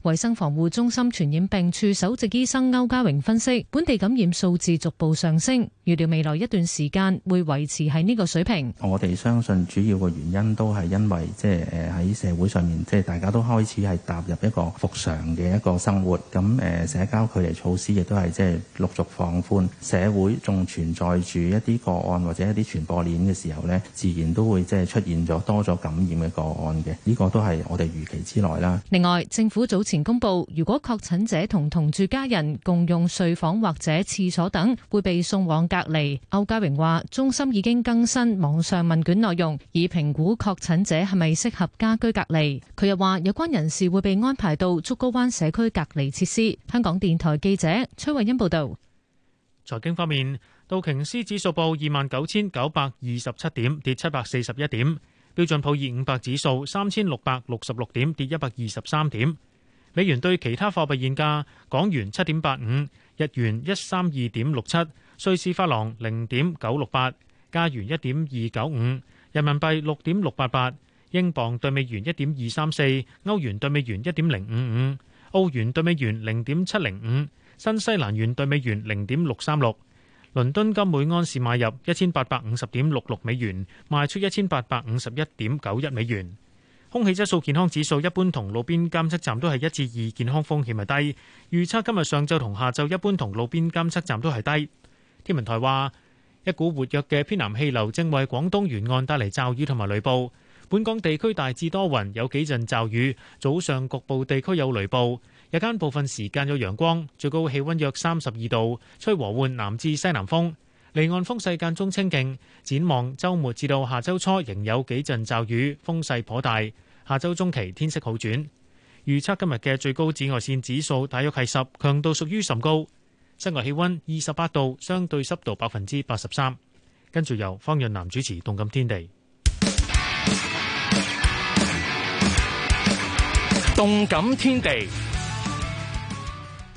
衛生防護中心傳染病處首席醫生歐家榮分析，本地感染數字逐步上升，預料未來一段時間會維持喺呢個水平。我哋相信主要嘅原因都係因為即係誒喺社會上面，即係大家都開始係踏入一個復常嘅一個生活，咁誒社交距離措施亦都係即係陸續放寬。社會仲存在住一啲個案或者一啲傳播鏈嘅時候咧，自然都會即係出現咗多咗感染嘅個案嘅，呢個都係我哋預期之內啦。另外，政府早前前公布，如果確診者同同住家人共用睡房或者廁所等，會被送往隔離。歐家榮話，中心已經更新網上問卷內容，以評估確診者係咪適合家居隔離。佢又話，有關人士會被安排到竹篙灣社區隔離設施。香港電台記者崔慧欣報道。財經方面，道瓊斯指數報二萬九千九百二十七點，跌七百四十一點；標準普爾五百指數三千六百六十六點，跌一百二十三點。美元兌其他貨幣現價：港元七點八五，日元一三二點六七，瑞士法郎零點九六八，加元一點二九五，人民幣六點六八八，英鎊對美元一點二三四，歐元對美元一點零五五，澳元對美元零點七零五，新西蘭元對美元零點六三六。倫敦金每安士買入一千八百五十點六六美元，賣出一千八百五十一點九一美元。空氣質素健康指數一般同路邊監測站都係一至二，健康風險係低。預測今日上晝同下晝一般同路邊監測站都係低。天文台話，一股活躍嘅偏南氣流正為廣東沿岸帶嚟驟雨同埋雷暴，本港地區大致多雲，有幾陣驟雨，早上局部地區有雷暴，日間部分時間有陽光，最高氣温約三十二度，吹和緩南至西南風。離岸風勢間中清勁，展望周末至到下周初仍有幾陣驟雨，風勢頗大。下周中期天色好轉，預測今日嘅最高紫外線指數大約係十，強度屬於甚高。室外氣温二十八度，相對濕度百分之八十三。跟住由方潤南主持《動感天地》，《動感天地》。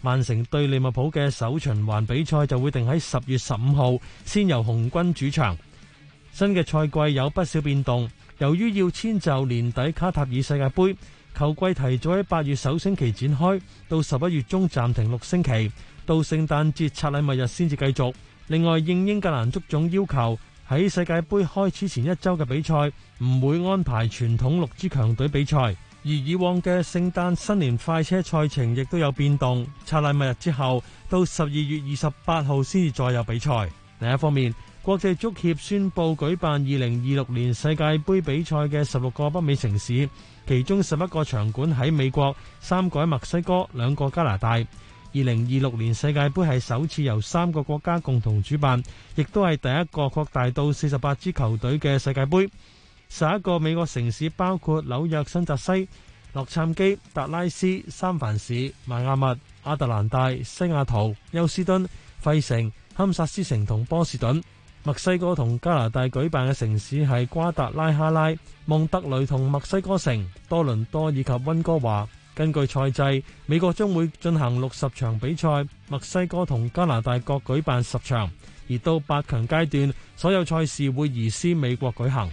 曼城對利物浦嘅首循環比賽就會定喺十月十五號，先由紅軍主場。新嘅賽季有不少變動，由於要遷就年底卡塔爾世界杯，球季提早喺八月首星期展開，到十一月中暫停六星期，到聖誕節拆禮物日先至繼續。另外，應英格蘭足總要求，喺世界杯開始前一周嘅比賽唔會安排傳統六支強隊比賽。而以往嘅聖誕新年快車賽程亦都有變動，拆禮物日之後到十二月二十八號先至再有比賽。另一方面，國際足協宣布舉辦二零二六年世界盃比賽嘅十六個北美城市，其中十一個場館喺美國，三個喺墨西哥，兩個喺加拿大。二零二六年世界盃係首次由三個國家共同主辦，亦都係第一個擴大到四十八支球隊嘅世界盃。十一個美國城市包括紐約、新澤西、洛杉磯、達拉斯、三藩市、邁阿密、亞特蘭大、西雅圖、休斯敦、費城、堪薩斯城同波士頓。墨西哥同加拿大舉辦嘅城市係瓜達拉哈拉、蒙特雷同墨西哥城、多倫多以及溫哥華。根據賽制，美國將會進行六十場比賽，墨西哥同加拿大各舉辦十場。而到八強階段，所有賽事會移師美國舉行。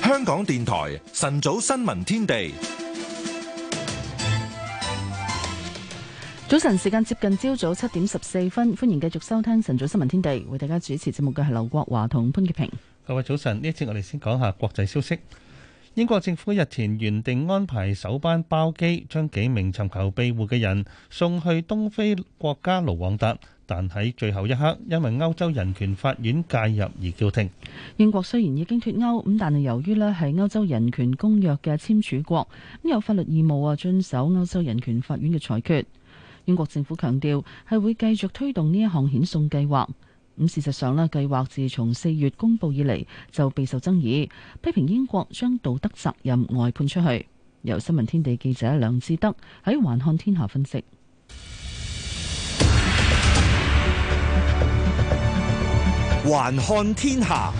香港電台晨早新聞天地，早晨時間接近朝早七點十四分，歡迎繼續收聽晨早新聞天地。為大家主持節目嘅係劉國華同潘潔平。各位早晨，呢一次我哋先講下國際消息。英國政府日前原定安排首班包機，將幾名尋求庇護嘅人送去東非國家盧旺達，但喺最後一刻，因為歐洲人權法院介入而叫停。英國雖然已經脱歐，咁但係由於呢，係歐洲人權公約嘅簽署國，咁有法律義務啊遵守歐洲人權法院嘅裁決。英國政府強調係會繼續推動呢一項遣送計劃。咁事實上咧，計劃自從四月公布以嚟，就備受爭議，批評英國將道德責任外判出去。由新聞天地記者梁志德喺《環看天下》分析。環看天下。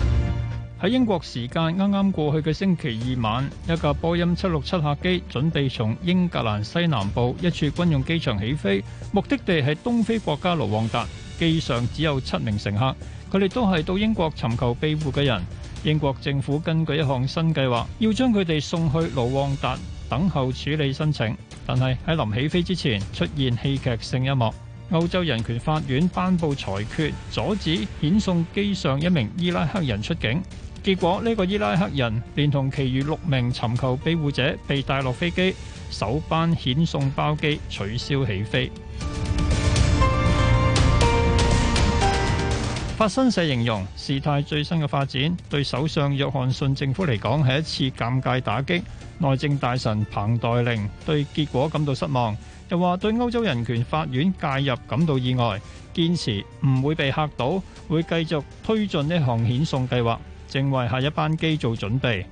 喺英國時間啱啱過去嘅星期二晚，一架波音七六七客機準備從英格蘭西南部一處軍用機場起飛，目的地係東非國家盧旺達。機上只有七名乘客，佢哋都係到英國尋求庇護嘅人。英國政府根據一項新計劃，要將佢哋送去盧旺達等候處理申請。但係喺臨起飛之前，出現戲劇性一幕：歐洲人權法院頒布裁決，阻止遣送機上一名伊拉克人出境。結果呢個伊拉克人連同其餘六名尋求庇護者被帶落飛機，首班遣送包機取消起飛。法新社形容事態最新嘅發展對首相約翰遜政府嚟講，係一次尷尬打擊。內政大臣彭黛玲對結果感到失望，又話對歐洲人權法院介入感到意外，堅持唔會被嚇到，會繼續推進呢項遣送計劃，正為下一班機做準備。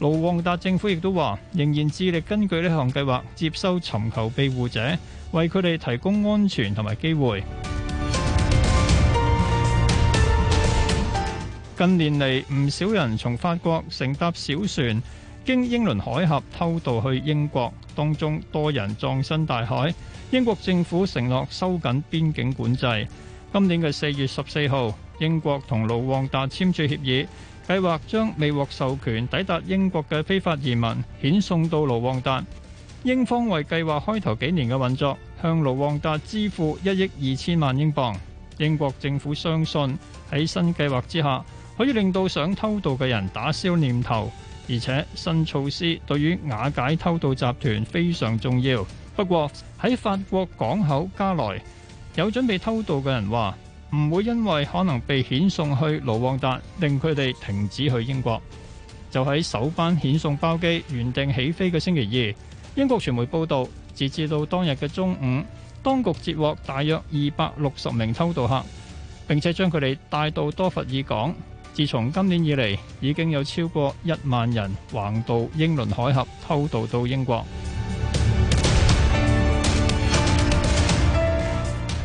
盧旺達政府亦都話仍然致力根據呢項計劃接收尋求庇護者，為佢哋提供安全同埋機會。近年嚟，唔少人從法國乘搭小船，經英倫海峽偷渡去英國，當中多人葬身大海。英國政府承諾收緊邊境管制。今年嘅四月十四號，英國同盧旺達簽署協議，計劃將未獲授權抵達英國嘅非法移民遣送到盧旺達。英方為計劃開頭幾年嘅運作，向盧旺達支付一億二千萬英鎊。英國政府相信，喺新計劃之下，可以令到想偷渡嘅人打消念頭，而且新措施對於瓦解偷渡集團非常重要。不過喺法國港口加來有準備偷渡嘅人話唔會，因為可能被遣送去盧旺達令佢哋停止去英國。就喺首班遣送包機原定起飛嘅星期二，英國傳媒報道，截至到當日嘅中午，當局截獲大約二百六十名偷渡客，並且將佢哋帶到多佛爾港。自從今年以嚟，已經有超過一萬人橫渡英倫海峽偷渡到英國。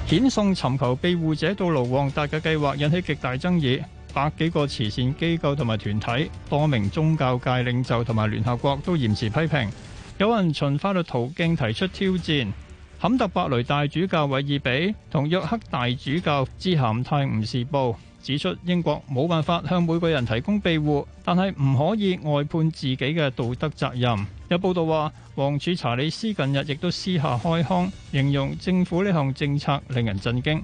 遣 送尋求庇護者到盧旺達嘅計劃引起極大爭議，百幾個慈善機構同埋團體、多名宗教界領袖同埋聯合國都嚴詞批評，有人循法律途徑提出挑戰。坎特伯雷大主教韋爾比同約克大主教致函泰晤士報。指出英國冇辦法向每個人提供庇護，但係唔可以外判自己嘅道德責任。有報道話，王儲查理斯近日亦都私下開腔，形容政府呢項政策令人震驚。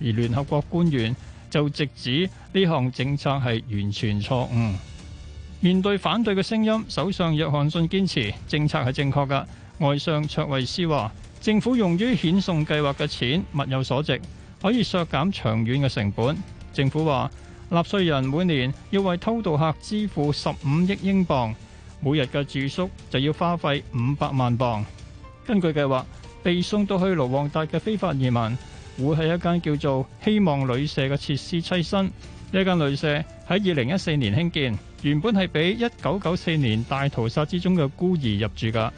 而聯合國官員就直指呢項政策係完全錯誤。面對反對嘅聲音，首相約翰遜堅持政策係正確㗎。外相卓惠斯話，政府用於遣送計劃嘅錢物有所值，可以削減長遠嘅成本。政府話，納稅人每年要為偷渡客支付十五億英鎊，每日嘅住宿就要花費五百萬鎊。根據計劃，被送到去盧旺達嘅非法移民會係一間叫做希望旅社嘅設施棲身。呢間旅社喺二零一四年興建，原本係俾一九九四年大屠殺之中嘅孤兒入住㗎。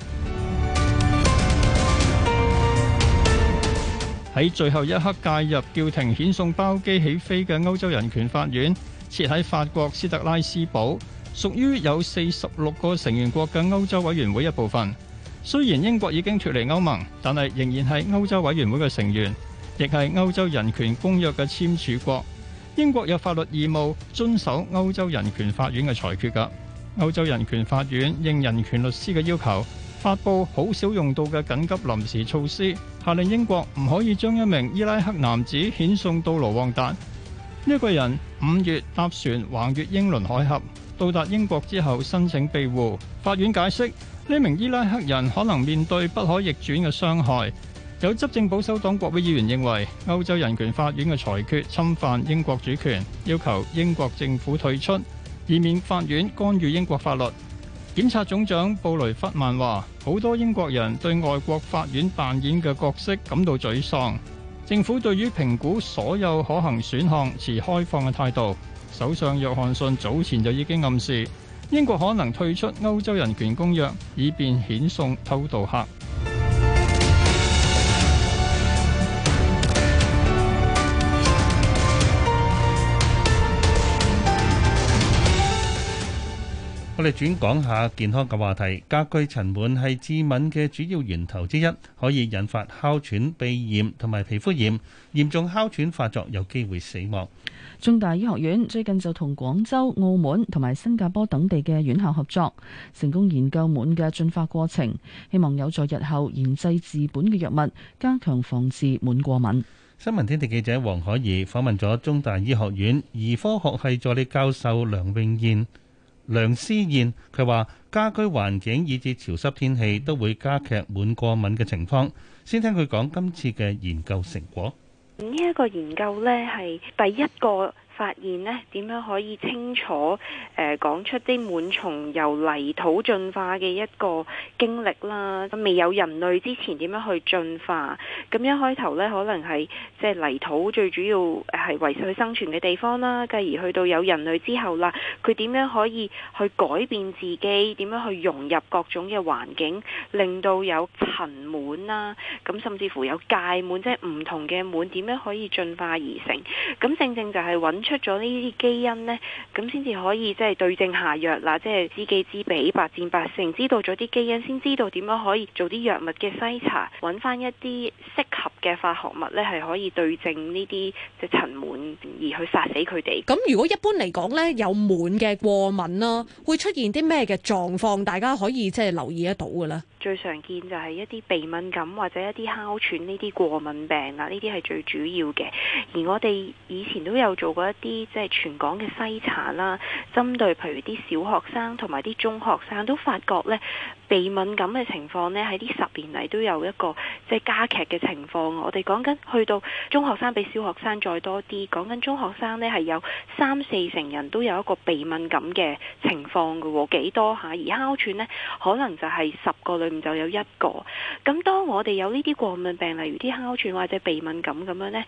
喺最後一刻介入叫停遣送包機起飛嘅歐洲人權法院，設喺法國斯特拉斯堡，屬於有四十六個成員國嘅歐洲委員會一部分。雖然英國已經脱離歐盟，但係仍然係歐洲委員會嘅成員，亦係歐洲人權公約嘅簽署國。英國有法律義務遵守歐洲人權法院嘅裁決㗎。歐洲人權法院應人權律師嘅要求，發布好少用到嘅緊急臨時措施，下令英國唔可以將一名伊拉克男子遣送到羅旺達。呢一個人五月搭船橫越英倫海峽，到達英國之後申請庇護。法院解釋，呢名伊拉克人可能面對不可逆轉嘅傷害。有執政保守黨國會議員認為，歐洲人權法院嘅裁決侵犯英國主權，要求英國政府退出，以免法院干預英國法律。檢察總長布雷弗曼話，好多英國人對外國法院扮演嘅角色感到沮喪。政府對於評估所有可行選項持開放嘅態度。首相約翰遜早前就已經暗示，英國可能退出歐洲人權公約，以便遣送偷渡客。我哋轉講下健康嘅話題。家居塵蟎係致敏嘅主要源頭之一，可以引發哮喘、鼻炎同埋皮膚炎。嚴重哮喘發作有機會死亡。中大醫學院最近就同廣州、澳門同埋新加坡等地嘅院校合作，成功研究蟎嘅進化過程，希望有助日後研製治本嘅藥物，加強防治蟎過敏。新聞天地記者黃海怡訪問咗中大醫學院兒科學系助理教授梁永燕。梁思燕，佢話家居環境以至潮濕天氣都會加劇滿過敏嘅情況，先聽佢講今次嘅研究成果。呢一個研究咧，係第一個。發現咧點樣可以清楚誒講、呃、出啲蟎蟲由泥土進化嘅一個經歷啦，咁未有人類之前點樣去進化？咁一開頭咧可能係即係泥土最主要係維持佢生存嘅地方啦。繼而去到有人類之後啦，佢點樣可以去改變自己？點樣去融入各種嘅環境，令到有塵蟎啦，咁甚至乎有介蟎，即係唔同嘅蟎點樣可以進化而成？咁正正就係搵出咗呢啲基因呢，咁先至可以即係對症下藥啦，即係知己知彼，百戰百勝。知道咗啲基因，先知道點樣可以做啲藥物嘅篩查，揾翻一啲適合嘅化學物呢，係可以對症呢啲即係塵蟎而去殺死佢哋。咁如果一般嚟講呢，有蟎嘅過敏啦，會出現啲咩嘅狀況？大家可以即係留意得到嘅咧。最常見就係一啲鼻敏感或者一啲哮喘呢啲過敏病啦，呢啲係最主要嘅。而我哋以前都有做過一。啲即係全港嘅篩查啦，針對譬如啲小學生同埋啲中學生，都發覺呢鼻敏感嘅情況呢喺呢十年嚟都有一個即係加劇嘅情況。我哋講緊去到中學生比小學生再多啲，講緊中學生呢係有三四成人都有一個鼻敏感嘅情況嘅，幾多下、啊、而哮喘呢？可能就係十個裏面就有一個。咁當我哋有呢啲過敏病，例如啲哮喘或者鼻敏感咁樣呢。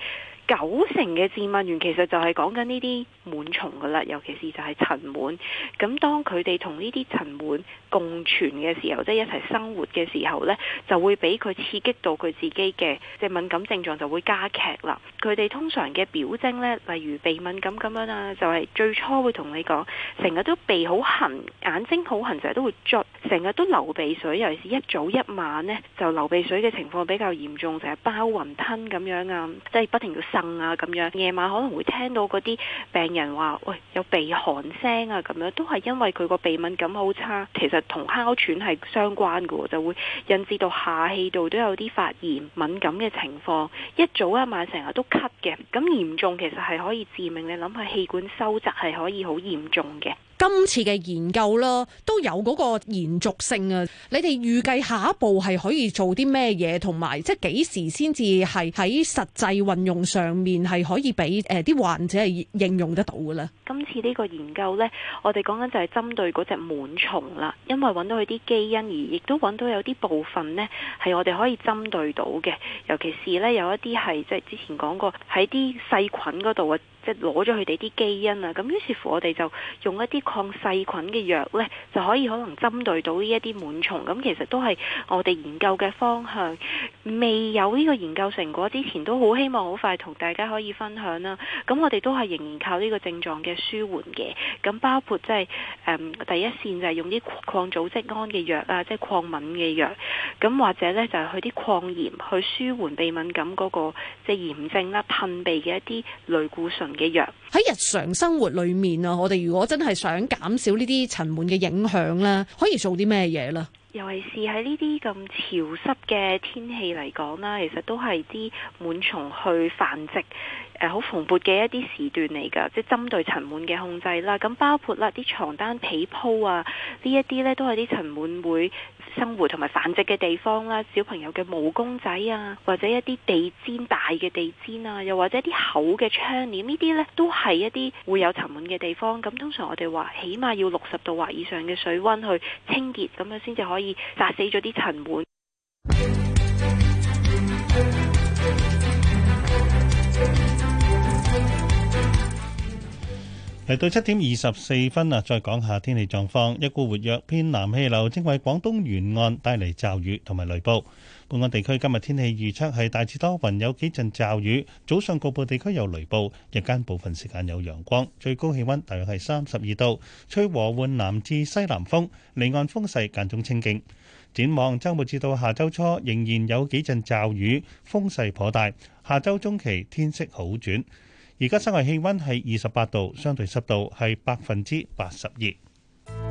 九成嘅致敏原其實就係講緊呢啲蟎蟲噶啦，尤其是就係塵蟎。咁當佢哋同呢啲塵蟎共存嘅時候，即係一齊生活嘅時候呢，就會俾佢刺激到佢自己嘅即係敏感症狀就會加劇啦。佢哋通常嘅表徵呢，例如鼻敏感咁樣啊，就係最初會同你講，成日都鼻好痕，眼睛好痕，成日都會捽，成日都流鼻水，尤其是一早一晚呢，就流鼻水嘅情況比較嚴重，成日包雲吞咁樣啊，即係不停要擤啊咁樣，夜晚可能會聽到嗰啲病人話，喂，有鼻鼾聲啊，咁樣都係因為佢個鼻敏感好差，其實同哮喘係相關嘅，就會引致到下氣道都有啲發炎敏感嘅情況。一早一晚成日都咳嘅，咁嚴重其實係可以致命。你諗下，氣管收窄係可以好嚴重嘅。今次嘅研究啦，都有嗰個延續性啊！你哋預計下一步係可以做啲咩嘢，同埋即係幾時先至係喺實際運用上面係可以俾誒啲患者係應用得到嘅咧？今次呢個研究咧，我哋講緊就係針對嗰隻蟎蟲啦，因為揾到佢啲基因而亦都揾到有啲部分咧，係我哋可以針對到嘅，尤其是咧有一啲係即係之前講過喺啲細菌嗰度啊。即係攞咗佢哋啲基因啊，咁於是乎我哋就用一啲抗細菌嘅藥咧，就可以可能針對到呢一啲蟎蟲，咁其實都係我哋研究嘅方向。未有呢個研究成果之前，都好希望好快同大家可以分享啦。咁我哋都係仍然靠呢個症狀嘅舒緩嘅。咁包括即係嗯，第一綫就係用啲抗組織胺嘅藥啊，即係抗敏嘅藥，咁或者咧就係去啲抗炎去舒緩鼻敏感嗰個即係炎症啦，噴鼻嘅一啲類固醇。嘅喺日常生活裏面啊，我哋如果真係想減少呢啲塵蟎嘅影響啦，可以做啲咩嘢咧？尤其是喺呢啲咁潮濕嘅天氣嚟講啦，其實都係啲蟎蟲去繁殖，.誒好、呃、蓬勃嘅一啲時段嚟㗎，即係針對塵蟎嘅控制啦。咁包括啦啲床單被鋪啊，呢一啲呢都係啲塵蟎會生活同埋繁殖嘅地方啦。小朋友嘅毛公仔啊，或者一啲地氈大嘅地氈啊，又或者啲厚嘅窗簾，呢啲呢都係一啲會有塵蟎嘅地方。咁通常我哋話，起碼要六十度或以上嘅水溫去清潔，咁樣先至可以殺死咗啲塵蟎。嚟到七點二十四分啊，再講下天氣狀況。一股活躍偏南氣流正為廣東沿岸帶嚟驟雨同埋雷暴。本港地區今日天氣預測係大致多雲，有幾陣驟雨，早上局部地區有雷暴，日間部分時間有陽光，最高氣溫大約係三十二度，吹和緩南至西南風，離岸風勢間中清勁，展望周末至到下周初仍然有幾陣驟雨，風勢頗大。下周中期天色好轉。而家室外氣溫係二十八度，相對濕度係百分之八十二。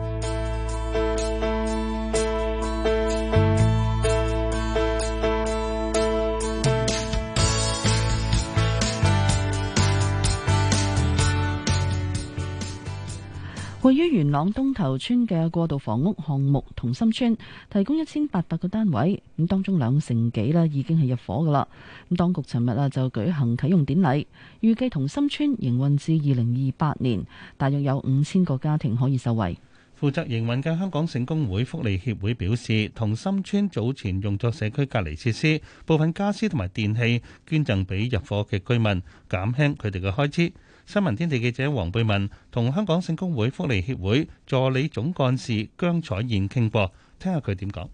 位於元朗東頭村嘅過渡房屋項目同心村，提供一千八百個單位，咁當中兩成幾咧已經係入伙噶啦。咁當局尋日啊就舉行啟用典禮，預計同心村營運至二零二八年，大約有五千個家庭可以受惠。負責營運嘅香港聖公會福利協會表示，同心村早前用作社區隔離設施，部分家私同埋電器捐贈俾入伙嘅居民，減輕佢哋嘅開支。新聞天地記者黃貝文同香港聖公會福利協會助理總幹事姜彩燕傾過，聽下佢點講。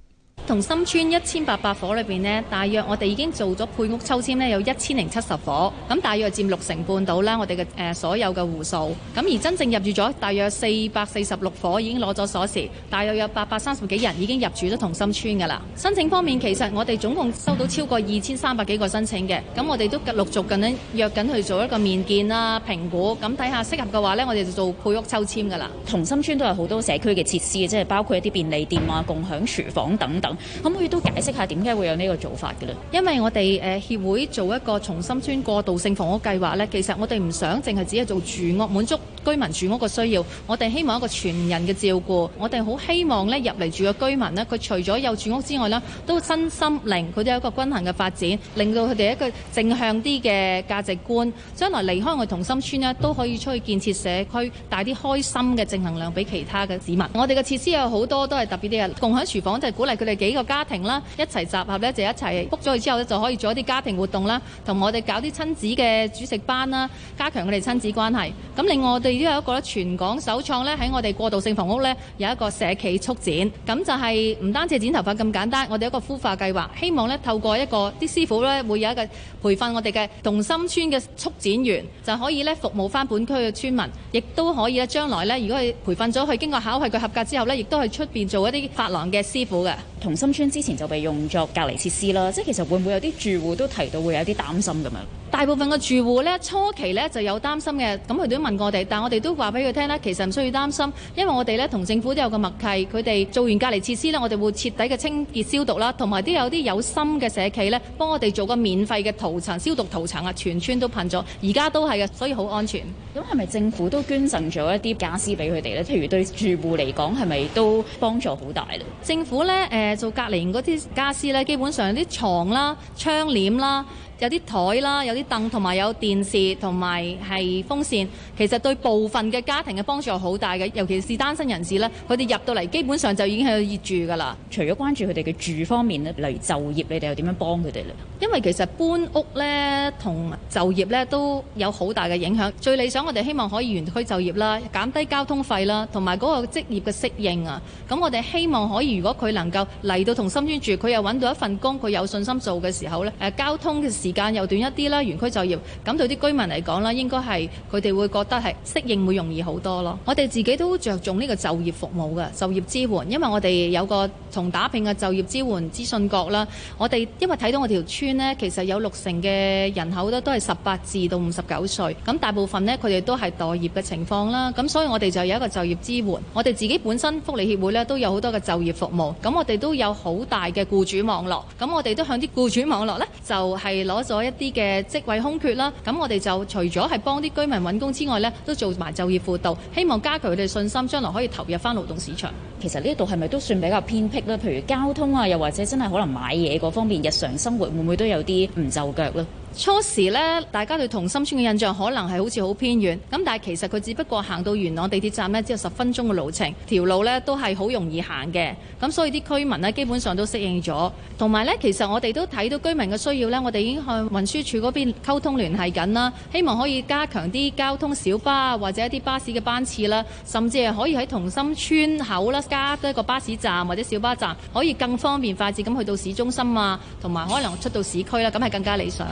同心村一千八百伙裏邊呢，大約我哋已經做咗配屋抽籤呢，有一千零七十伙，咁大約佔六成半度啦，我哋嘅誒所有嘅戶數。咁而真正入住咗大約四百四十六伙已經攞咗鎖匙，大約有八百三十幾人已經入住咗同心村噶啦。申請方面，其實我哋總共收到超過二千三百幾個申請嘅，咁我哋都陸續咁樣約緊去做一個面見啦、評估，咁睇下適合嘅話呢，我哋就做配屋抽籤噶啦。同心村都有好多社區嘅設施，即係包括一啲便利店啊、共享廚房等等。可唔可以都解釋下點解會有呢個做法嘅咧？因為我哋誒、呃、協會做一個同心村過渡性房屋計劃呢，其實我哋唔想淨係只係做住屋，滿足居民住屋嘅需要。我哋希望一個全人嘅照顧。我哋好希望呢入嚟住嘅居民呢，佢除咗有住屋之外咧，都身心靈佢哋有一個均衡嘅發展，令到佢哋一個正向啲嘅價值觀，將來離開我同心村呢，都可以出去建設社區，帶啲開心嘅正能量俾其他嘅市民。我哋嘅設施有好多都係特別啲嘅，共享廚房就係鼓勵佢哋。幾個家庭啦，一齊集合咧，就一齊 b 咗佢之後咧，就可以做一啲家庭活動啦，同我哋搞啲親子嘅主食班啦，加強我哋親子關係。咁另外我哋都有一個全港首創咧，喺我哋過渡性房屋咧，有一個社企促展，咁就係唔單止剪頭髮咁簡單，我哋一個孵化計劃，希望咧，透過一個啲師傅咧，會有一個培訓我哋嘅同心村嘅促展員，就可以咧，服務翻本區嘅村民，亦都可以咧，將來咧，如果佢培訓咗佢經過考係佢合格之後咧，亦都去出邊做一啲髮廊嘅師傅嘅。同心村之前就被用作隔離設施啦，即係其實會唔會有啲住戶都提到會有啲擔心咁樣？大部分嘅住戶咧初期咧就有擔心嘅，咁佢哋都問過我哋，但我哋都話俾佢聽咧，其實唔需要擔心，因為我哋咧同政府都有個默契，佢哋做完隔離設施咧，我哋會徹底嘅清潔消毒啦，同埋都有啲有心嘅社企咧幫我哋做個免費嘅塗層消毒塗層啊，全村都噴咗，而家都係嘅，所以好安全。咁係咪政府都捐贈咗一啲傢俬俾佢哋咧？譬如對住戶嚟講係咪都幫助好大咧？政府咧誒。呃做隔離嗰啲家私咧，基本上啲床啦、窗簾啦。有啲枱啦，有啲凳，同埋有,有電視，同埋係風扇。其實對部分嘅家庭嘅幫助好大嘅，尤其是單身人士呢。佢哋入到嚟基本上就已經喺度住㗎啦。除咗關注佢哋嘅住方面咧，嚟就業，你哋又點樣幫佢哋咧？因為其實搬屋呢同就業呢都有好大嘅影響。最理想我哋希望可以原區就業啦，減低交通費啦，同埋嗰個職業嘅適應啊。咁我哋希望可以，如果佢能夠嚟到同心村住，佢又揾到一份工，佢有信心做嘅時候呢，誒交通嘅。時間又短一啲啦，園區就業咁對啲居民嚟講啦，應該係佢哋會覺得係適應會容易好多咯。我哋自己都着重呢個就業服務嘅就業支援，因為我哋有個從打拼嘅就業支援資訊角啦。我哋因為睇到我條村呢，其實有六成嘅人口咧都係十八至到五十九歲，咁大部分呢，佢哋都係待業嘅情況啦。咁所以我哋就有一個就業支援。我哋自己本身福利協會呢，都有好多嘅就業服務，咁我哋都有好大嘅僱主網絡，咁我哋都向啲僱主網絡呢，就係攞。攞咗一啲嘅職位空缺啦，咁我哋就除咗係幫啲居民揾工之外呢，都做埋就業輔導，希望加強佢哋信心，將來可以投入翻勞動市場。其實呢度係咪都算比較偏僻咧？譬如交通啊，又或者真係可能買嘢嗰方面，日常生活會唔會都有啲唔就腳呢？初時咧，大家對同心村嘅印象可能係好似好偏遠，咁但係其實佢只不過行到元朗地鐵站咧，只有十分鐘嘅路程，條路咧都係好容易行嘅，咁所以啲居民咧基本上都適應咗。同埋呢，其實我哋都睇到居民嘅需要呢，我哋已經向運輸署嗰邊溝通聯繫緊啦，希望可以加強啲交通小巴或者一啲巴士嘅班次啦，甚至係可以喺同心村口啦加多一個巴士站或者小巴站，可以更方便快捷咁去到市中心啊，同埋可能出到市區啦，咁係更加理想。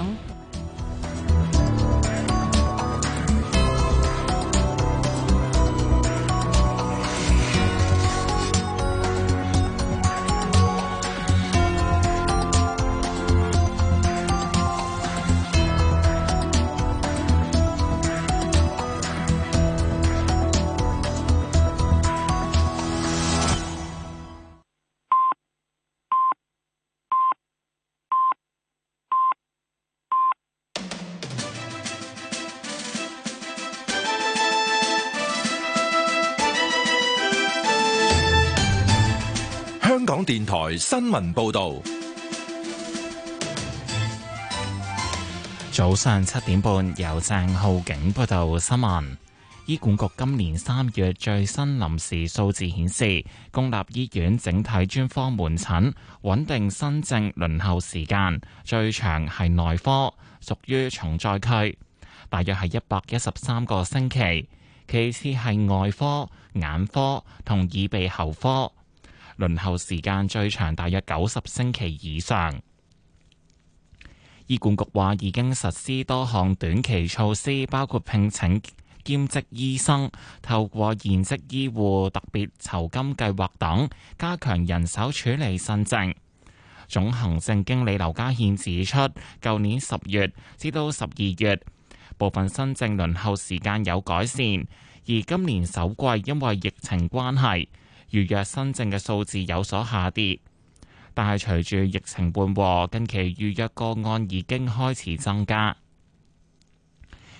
電台新聞報道：早上七點半，由鄭浩景報道新聞。醫管局今年三月最新臨時數字顯示，公立醫院整體專科門診穩定新症輪候時間最長係內科，屬於重災區，大約係一百一十三個星期；其次係外科、眼科同耳鼻喉科。輪候時間最長大約九十星期以上。醫管局話已經實施多項短期措施，包括聘請兼職醫生、透過現職醫護特別酬金計劃等，加強人手處理新症。總行政經理劉家獻指出，舊年十月至到十二月，部分新症輪候時間有改善，而今年首季因為疫情關係，預約新症嘅數字有所下跌，但係隨住疫情緩和，近期預約個案已經開始增加。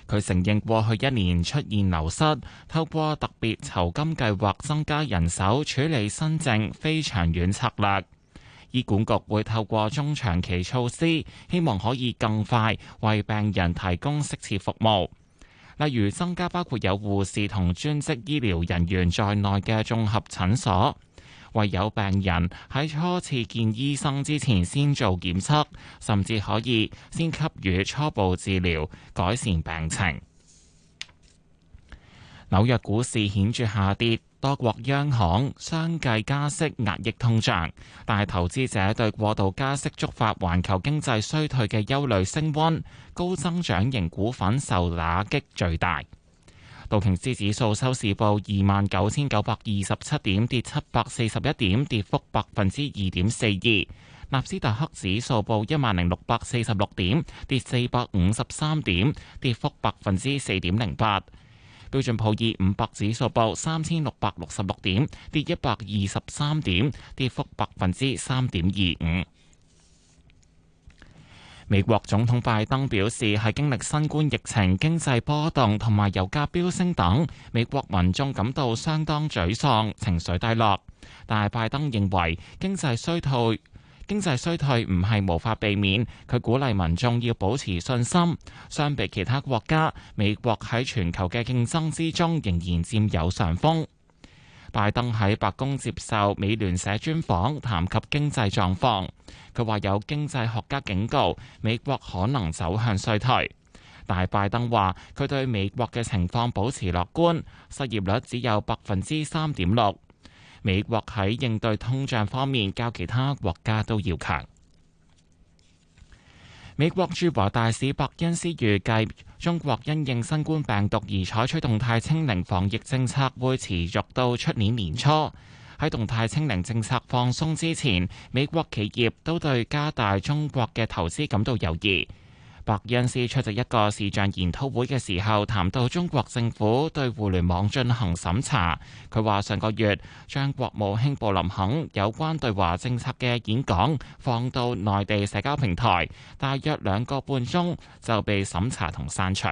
佢承認過去一年出現流失，透過特別酬金計劃增加人手處理新症，非長遠策略。醫管局會透過中長期措施，希望可以更快為病人提供適切服務。例如增加包括有護士同專職醫療人員在內嘅綜合診所，為有病人喺初次見醫生之前先做檢測，甚至可以先給予初步治療，改善病情。紐約股市顯著下跌。多國央行相繼加息壓抑通脹，但係投資者對過度加息觸發環球經濟衰退嘅憂慮升溫，高增長型股份受打擊最大。道瓊斯指數收市報二萬九千九百二十七點，跌七百四十一點，跌幅百分之二點四二。納斯達克指數報一萬零六百四十六點，跌四百五十三點，跌幅百分之四點零八。標準普爾五百指數報三千六百六十六點，跌一百二十三點，跌幅百分之三點二五。美國總統拜登表示，喺經歷新冠疫情、經濟波動同埋油價飆升等，美國民眾感到相當沮喪、情緒低落。但係拜登認為經濟衰退。經濟衰退唔係無法避免，佢鼓勵民眾要保持信心。相比其他國家，美國喺全球嘅競爭之中仍然佔有上風。拜登喺白宮接受美聯社專訪，談及經濟狀況。佢話有經濟學家警告美國可能走向衰退，但拜登話佢對美國嘅情況保持樂觀，失業率只有百分之三點六。美國喺應對通脹方面，較其他國家都要強。美國駐華大使伯恩斯預計，中國因應新冠病毒而採取動態清零防疫政策，會持續到出年年初。喺動態清零政策放鬆之前，美國企業都對加大中國嘅投資感到猶豫。白恩斯出席一個視像研討會嘅時候，談到中國政府對互聯網進行審查。佢話上個月將國務卿布林肯有關對華政策嘅演講放到內地社交平台，大約兩個半鐘就被審查同刪除。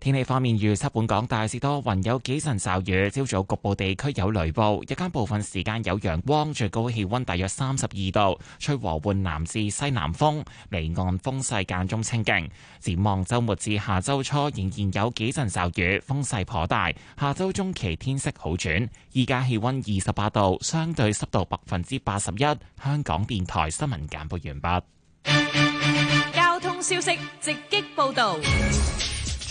天氣方面，預測本港大致多雲，有幾陣驟雨，朝早局部地區有雷暴，日間部分時間有陽光，最高氣温大約三十二度，吹和緩南至西南風，離岸風勢間中清勁。展望周末至下周初，仍然有幾陣驟雨，風勢頗大。下周中期天色好轉，依家氣温二十八度，相對濕度百分之八十一。香港電台新聞簡報完畢。交通消息直擊報道。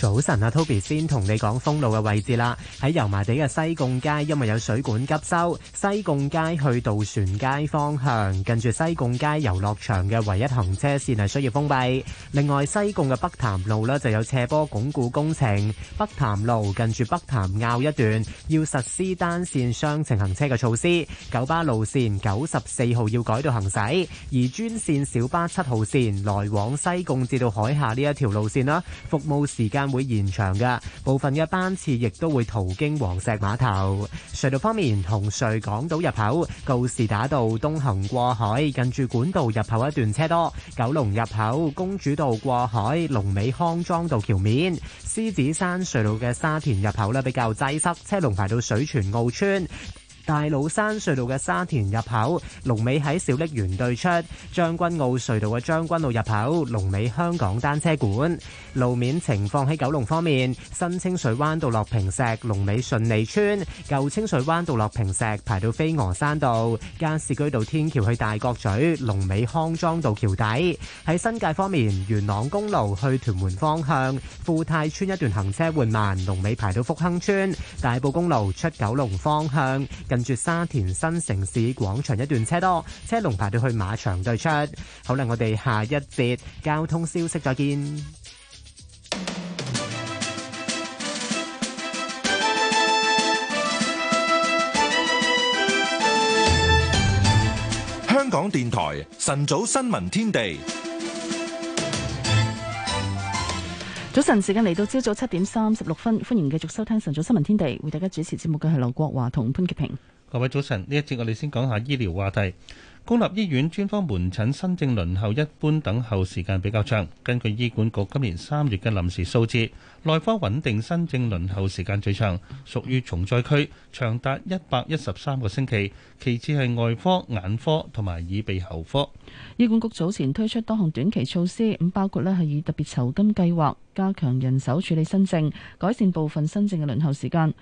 早晨啊，Toby 先同你講封路嘅位置啦。喺油麻地嘅西貢街，因為有水管急修，西貢街去渡船街方向，近住西貢街遊樂場嘅唯一行車線係需要封閉。另外，西貢嘅北潭路咧就有斜坡鞏固工程，北潭路近住北潭坳一段要實施單線雙程行車嘅措施。九巴路線九十四號要改道行駛，而專線小巴七號線來往西貢至到海下呢一條路線啦，服務時間。會延長嘅部分嘅班次亦都會途經黃石碼頭。隧道方面，紅隧港島入口告士打道東行過海，近住管道入口一段車多；九龍入口公主道過海，龍尾康莊道橋面；獅子山隧道嘅沙田入口呢比較擠塞，車龍排到水泉澳村。大老山隧道嘅沙田入口，龍尾喺小瀝源對出,將軍澳隧道嘅將軍澳入口，龍尾香港單車館。路面情況喺九龍方面，新清水灣道落坪石，龍尾順利村,舊清水灣道落坪石，排到飛鵝山道,加士居道天橋去大角咀，龍尾康莊道橋底。喺新界方面，元朗公路去屯門方向，富泰村一段行車緩慢，龍尾排到福亨村,大埔公路出九龍方向，跟住沙田新城市廣場一段車多，車龍排到去馬場對出。好啦，我哋下一節交通消息再見。香港電台晨早新聞天地。早晨，時間嚟到朝早七點三十六分，歡迎繼續收聽晨早新聞天地。為大家主持節目嘅係劉國華同潘潔平。各位早晨，呢一節我哋先講下醫療話題。公立醫院專科門診新症輪候一般等候時間比較長。根據醫管局今年三月嘅臨時數字，內科穩定新症輪候時間最長，屬於重災區，長達一百一十三個星期。其次係外科、眼科同埋耳鼻喉科。醫管局早前推出多項短期措施，咁包括呢係以特別酬金計劃加強人手處理新症，改善部分新症嘅輪候時間。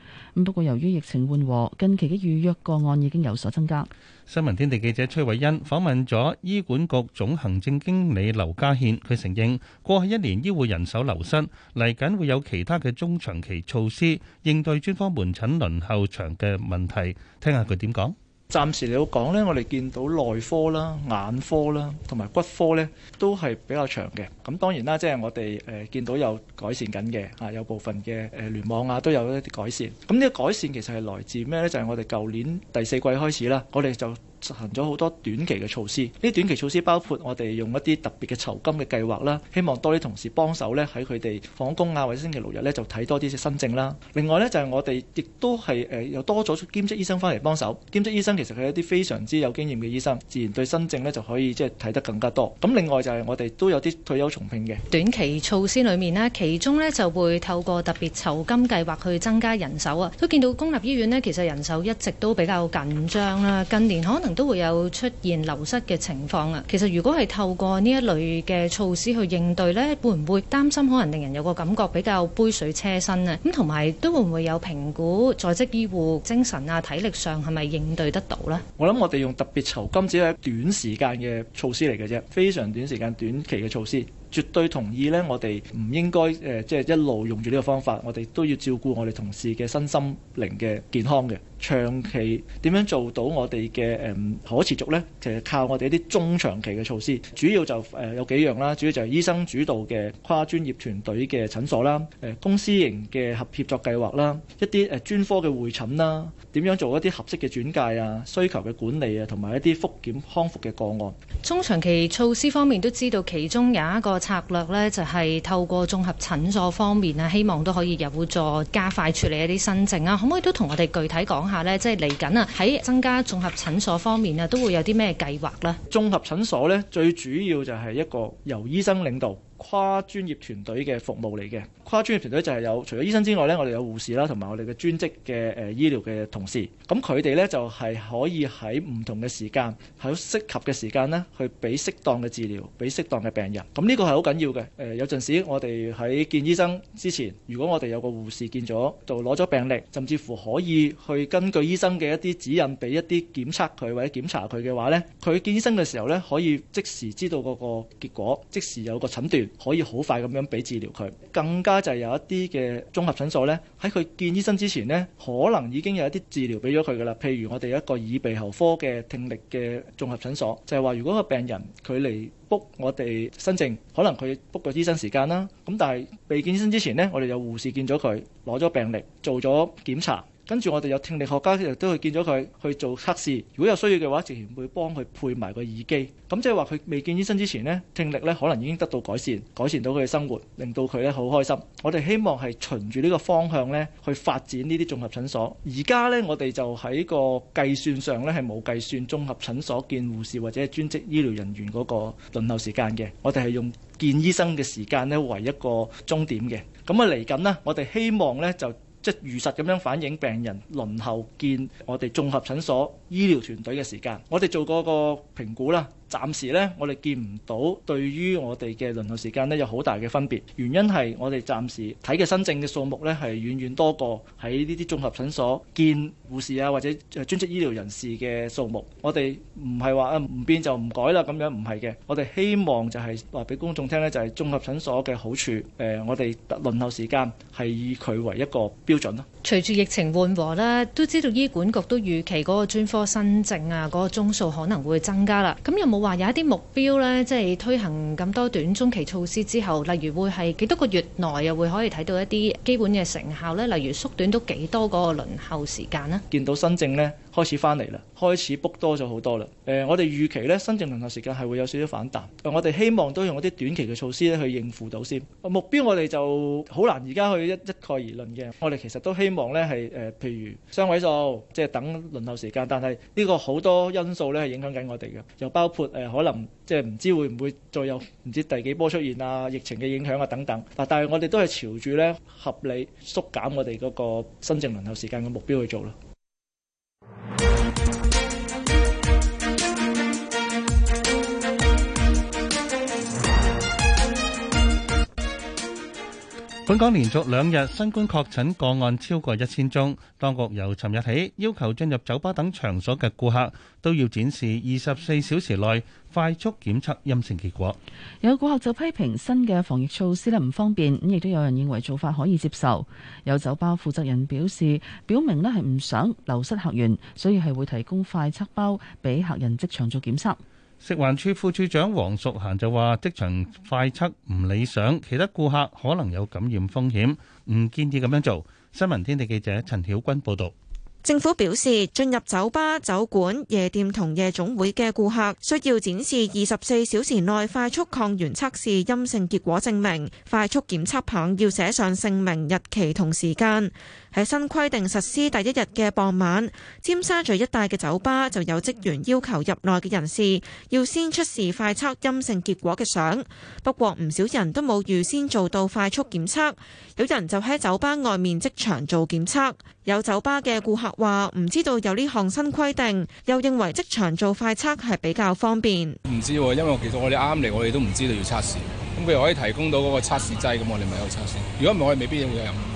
不過由於疫情緩和，近期嘅預約個案已經有所增加。新聞天地記者崔偉欣訪問咗醫管局總行政經理劉家憲，佢承認過去一年醫護人手流失，嚟緊會有其他嘅中長期措施應對專科門診輪候長嘅問題，聽下佢點講。暫時嚟講咧，我哋見到內科啦、眼科啦，同埋骨科咧，都係比較長嘅。咁當然啦，即係我哋誒見到有改善緊嘅，啊有部分嘅誒聯網啊，都有一啲改善。咁呢個改善其實係來自咩咧？就係我哋舊年第四季開始啦，我哋就，執行咗好多短期嘅措施，呢啲短期措施包括我哋用一啲特別嘅酬金嘅計劃啦，希望多啲同事幫手咧，喺佢哋放工啊或者星期六日咧就睇多啲新症啦。另外咧就係我哋亦都係誒又多咗兼職醫生翻嚟幫手，兼職醫生其實係一啲非常之有經驗嘅醫生，自然對新症咧就可以即係睇得更加多。咁另外就係我哋都有啲退休重聘嘅短期措施裏面咧，其中咧就會透過特別酬金計劃去增加人手啊。都見到公立醫院呢，其實人手一直都比較緊張啦，近年可能。都會有出現流失嘅情況啊！其實如果係透過呢一類嘅措施去應對呢，會唔會擔心可能令人有個感覺比較杯水車薪呢？咁同埋都會唔會有評估在職醫護精神啊、體力上係咪應對得到呢？我諗我哋用特別酬金，只係短時間嘅措施嚟嘅啫，非常短時間短期嘅措施。絕對同意呢，我哋唔應該誒、呃，即係一路用住呢個方法，我哋都要照顧我哋同事嘅身心靈嘅健康嘅。長期點樣做到我哋嘅誒可持續呢？其實靠我哋一啲中長期嘅措施，主要就誒、呃、有幾樣啦，主要就係醫生主導嘅跨專業團隊嘅診所啦，誒、呃、公司型嘅合協作計劃啦，一啲誒專科嘅會診啦，點樣做一啲合適嘅轉介啊、需求嘅管理啊，同埋一啲復檢康復嘅個案。中長期措施方面都知道，其中有一個。策略呢，就係透過綜合診所方面啊，希望都可以有助加快處理一啲新症啊。可唔可以都同我哋具體講下呢？即係嚟緊啊，喺增加綜合診所方面啊，都會有啲咩計劃呢？綜合診所呢，最主要就係一個由醫生領導。跨專業團隊嘅服務嚟嘅，跨專業團隊就係有除咗醫生之外呢，我哋有護士啦，同埋我哋嘅專職嘅誒醫療嘅同事。咁佢哋呢，就係可以喺唔同嘅時間，喺適合嘅時間呢，去俾適當嘅治療，俾適當嘅病人。咁呢個係好緊要嘅。誒有陣時我哋喺見醫生之前，如果我哋有個護士見咗，就攞咗病歷，甚至乎可以去根據醫生嘅一啲指引，俾一啲檢測佢或者檢查佢嘅話呢，佢見醫生嘅時候呢，可以即時知道嗰個結果，即時有個診斷。可以好快咁樣俾治療佢，更加就有一啲嘅綜合診所呢，喺佢見醫生之前呢，可能已經有一啲治療俾咗佢噶啦。譬如我哋一個耳鼻喉科嘅聽力嘅綜合診所，就係話如果個病人佢嚟 book 我哋新症，可能佢 book 個醫生時間啦。咁但係未見醫生之前呢，我哋有護士見咗佢，攞咗病歷，做咗檢查。跟住我哋有聽力學家亦都去見咗佢去做測試，如果有需要嘅話，自然會幫佢配埋個耳機。咁即係話，佢未見醫生之前咧，聽力咧可能已經得到改善，改善到佢嘅生活，令到佢咧好開心。我哋希望係循住呢個方向咧去發展呢啲綜合診所。而家咧我哋就喺個計算上咧係冇計算綜合診所見護士或者專職醫療人員嗰個輪候時間嘅，我哋係用見醫生嘅時間咧為一個終點嘅。咁啊，嚟緊咧，我哋希望咧就。即如實咁樣反映病人輪候見我哋綜合診所醫療團隊嘅時間，我哋做過個評估啦。暫時呢，我哋見唔到對於我哋嘅輪候時間呢有好大嘅分別。原因係我哋暫時睇嘅新症嘅數目呢係遠遠多過喺呢啲綜合診所見護士啊或者專職醫療人士嘅數目。我哋唔係話啊唔變就唔改啦，咁樣唔係嘅。我哋希望就係話俾公眾聽呢，就係綜合診所嘅好處。誒，我哋輪候時間係以佢為一個標準咯。隨住疫情緩和咧，都知道醫管局都預期嗰個專科新症啊，嗰個宗數可能會增加啦。咁有冇話有，有一啲目標呢？即係推行咁多短中期措施之後，例如會係幾多個月內又會可以睇到一啲基本嘅成效呢？例如縮短到幾多嗰個輪候時間呢？見到新症呢。開始翻嚟啦，開始 book 多咗好多啦。誒、呃，我哋預期咧，新症輪候時間係會有少少反彈、呃。我哋希望都用一啲短期嘅措施咧去應付到先。目標我哋就好難而家去一一概而論嘅。我哋其實都希望咧係誒，譬、呃、如雙位數，即係等輪候時間。但係呢個好多因素咧係影響緊我哋嘅，又包括誒、呃、可能即係唔知會唔會再有唔知第幾波出現啊、疫情嘅影響啊等等。啊、但係我哋都係朝住咧合理縮減我哋嗰個新症輪候時間嘅目標去做咯。本港連續兩日新冠確診個案超過一千宗，當局由尋日起要求進入酒吧等場所嘅顧客都要展示二十四小時內快速檢測陰性結果。有顧客就批評新嘅防疫措施咧唔方便，咁亦都有人認為做法可以接受。有酒吧負責人表示，表明咧係唔想流失客源，所以係會提供快測包俾客人即場做檢測。食環署副署長黃淑嫻就話，職場快測唔理想，其他顧客可能有感染風險，唔建議咁樣做。新聞天地記者陳曉君報道。政府表示，進入酒吧、酒館、夜店同夜總會嘅顧客需要展示二十四小時內快速抗原測試陰性結果證明。快速檢測棒要寫上姓名、日期同時間。喺新規定實施第一日嘅傍晚，尖沙咀一帶嘅酒吧就有職員要求入內嘅人士要先出示快測陰性結果嘅相。不過唔少人都冇預先做到快速檢測，有人就喺酒吧外面即場做檢測。有酒吧嘅顧客話唔知道有呢項新規定，又認為即場做快測係比較方便。唔知喎，因為其實我哋啱嚟，我哋都唔知道要測試。咁佢又可以提供到嗰個測試劑，咁我哋咪有測試。如果唔係，我哋未必會有。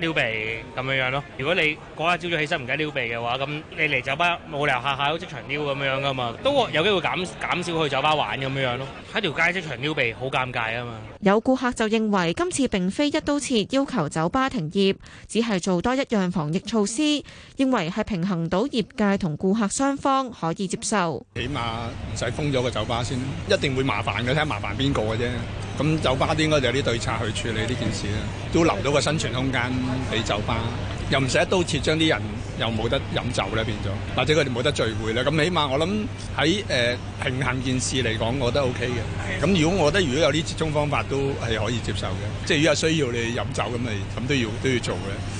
撩鼻咁樣樣咯。如果你嗰日朝早起身唔敢撩鼻嘅話，咁你嚟酒吧冇理由下下都即場撩咁樣噶嘛，都有機會減減少去酒吧玩咁樣樣咯。喺條街即場撩鼻，好尷尬啊嘛。有顧客就認為今次並非一刀切要求酒吧停業，只係做多一樣防疫措施，認為係平衡到業界同顧客雙方可以接受。起碼唔使封咗個酒吧先，一定會麻煩嘅，睇下麻煩邊個嘅啫。咁酒吧都應該就有啲對策去處理呢件事啦，都留到個生存空間。俾酒吧，又唔使一刀切，將啲人又冇得飲酒咧，變咗，或者佢哋冇得聚會咧。咁起碼我諗喺誒平衡件事嚟講，我覺得 O K 嘅。咁 如果我覺得如果有啲折中方法都係可以接受嘅，即係如果有需要你飲酒咁咪，咁都要都要做嘅。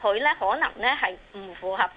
佢咧可能咧係唔符合誒，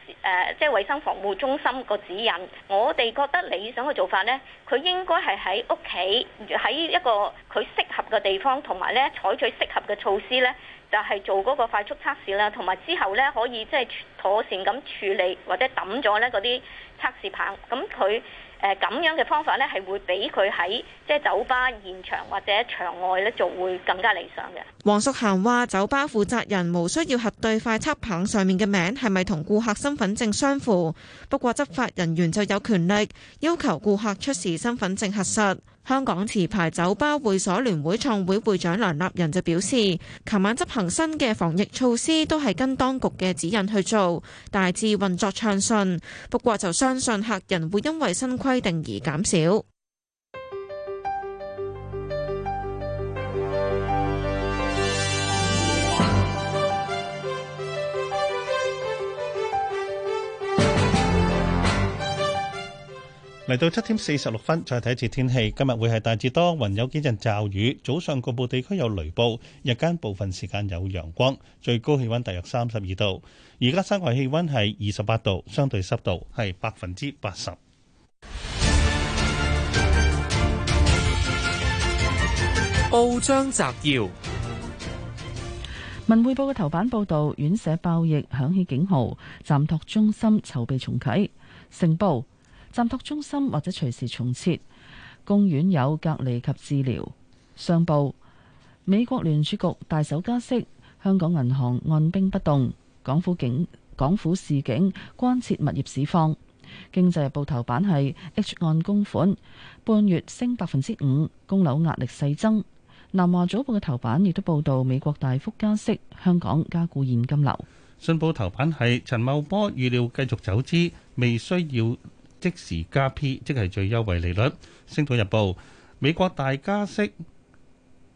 即係衞生防護中心個指引。我哋覺得理想嘅做法咧，佢應該係喺屋企喺一個佢適合嘅地方，同埋咧採取適合嘅措施咧，就係做嗰個快速測試啦，同埋之後咧可以即係妥善咁處理或者抌咗咧嗰啲測試棒。咁佢。誒咁樣嘅方法咧，係會比佢喺即係酒吧現場或者場外咧就會更加理想嘅。黃淑涵話：酒吧負責人無需要核對快測棒上面嘅名係咪同顧客身份證相符。不過，執法人員就有權力要求顧客出示身份證核實。香港持牌酒吧會所聯會創會會長梁立仁就表示，琴晚執行新嘅防疫措施都係跟當局嘅指引去做，大致運作暢順。不過就相信客人會因為新規定而減少。嚟到七點四十六分，再睇一次天氣。今日會係大致多雲，有幾陣驟雨。早上局部地區有雷暴，日間部分時間有陽光。最高氣溫大約三十二度。而家室外氣溫係二十八度，相對濕度係百分之八十。報章摘要：文匯報嘅頭版報道，院舍爆疫響起警號，暫託中心籌備重啟。成報。暫託中心或者隨時重設，公園有隔離及治療。上報美國聯儲局大手加息，香港銀行按兵不動。港府警港府示警，關切物業市況。經濟日報頭版係 H 按供款，半月升百分之五，供樓壓力細增。南華早報嘅頭版亦都報道美國大幅加息，香港加固現金流。信報頭版係陳茂波預料繼續走資，未需要。即時加 P，即係最優惠利率。星島日報：美國大加息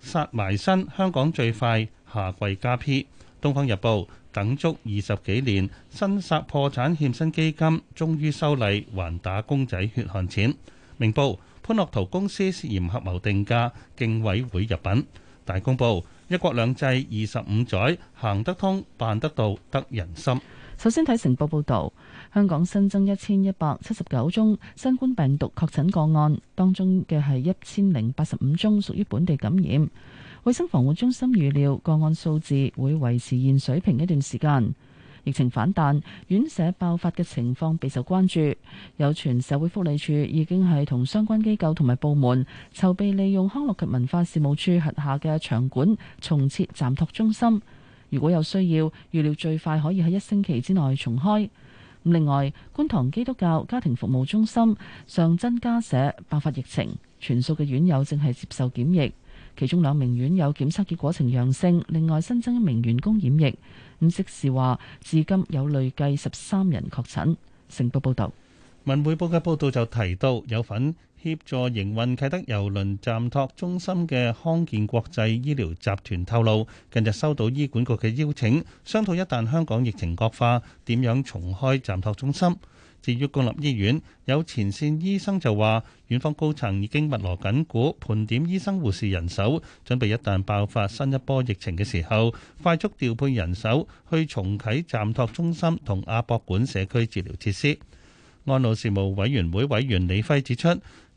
殺埋身，香港最快下季加 P。東方日報：等足二十幾年，新殺破產欠薪基金終於修例，還打工仔血汗錢。明報：潘樂圖公司涉嫌合謀定價，競委會入稟。大公報：一國兩制二十五載，行得通、辦得到、得人心。首先睇成報報道。香港新增一千一百七十九宗新冠病毒確診個案，當中嘅係一千零八十五宗屬於本地感染。衛生防護中心預料個案數字會維持現水平一段時間，疫情反彈，院舍爆發嘅情況備受關注。有傳社會福利署已經係同相關機構同埋部門籌備利用康樂及文化事務署轄下嘅場館重設暫託中心，如果有需要，預料最快可以喺一星期之內重開。另外，觀塘基督教家庭服務中心上增加社爆發疫情，全數嘅院友正係接受檢疫，其中兩名院友檢測結果呈陽性，另外新增一名員工染疫。咁即係話，至今有累計十三人確診。成報報道，文匯報嘅報道就提到有份。協助營運啟德郵輪暫託中心嘅康健國際醫療集團透露，近日收到醫管局嘅邀請，商討一旦香港疫情惡化，點樣重開暫託中心。至於公立醫院，有前線醫生就話，院方高層已經密鑼緊鼓，盤點醫生護士人手，準備一旦爆發新一波疫情嘅時候，快速調配人手去重啟暫託中心同亞博館社區治療設施。安老事務委員會委員李輝指出。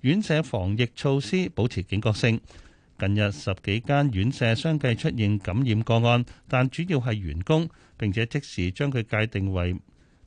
院舍防疫措施保持警覺性。近日十幾間院舍相繼出現感染個案，但主要係員工，並且即時將佢界定為，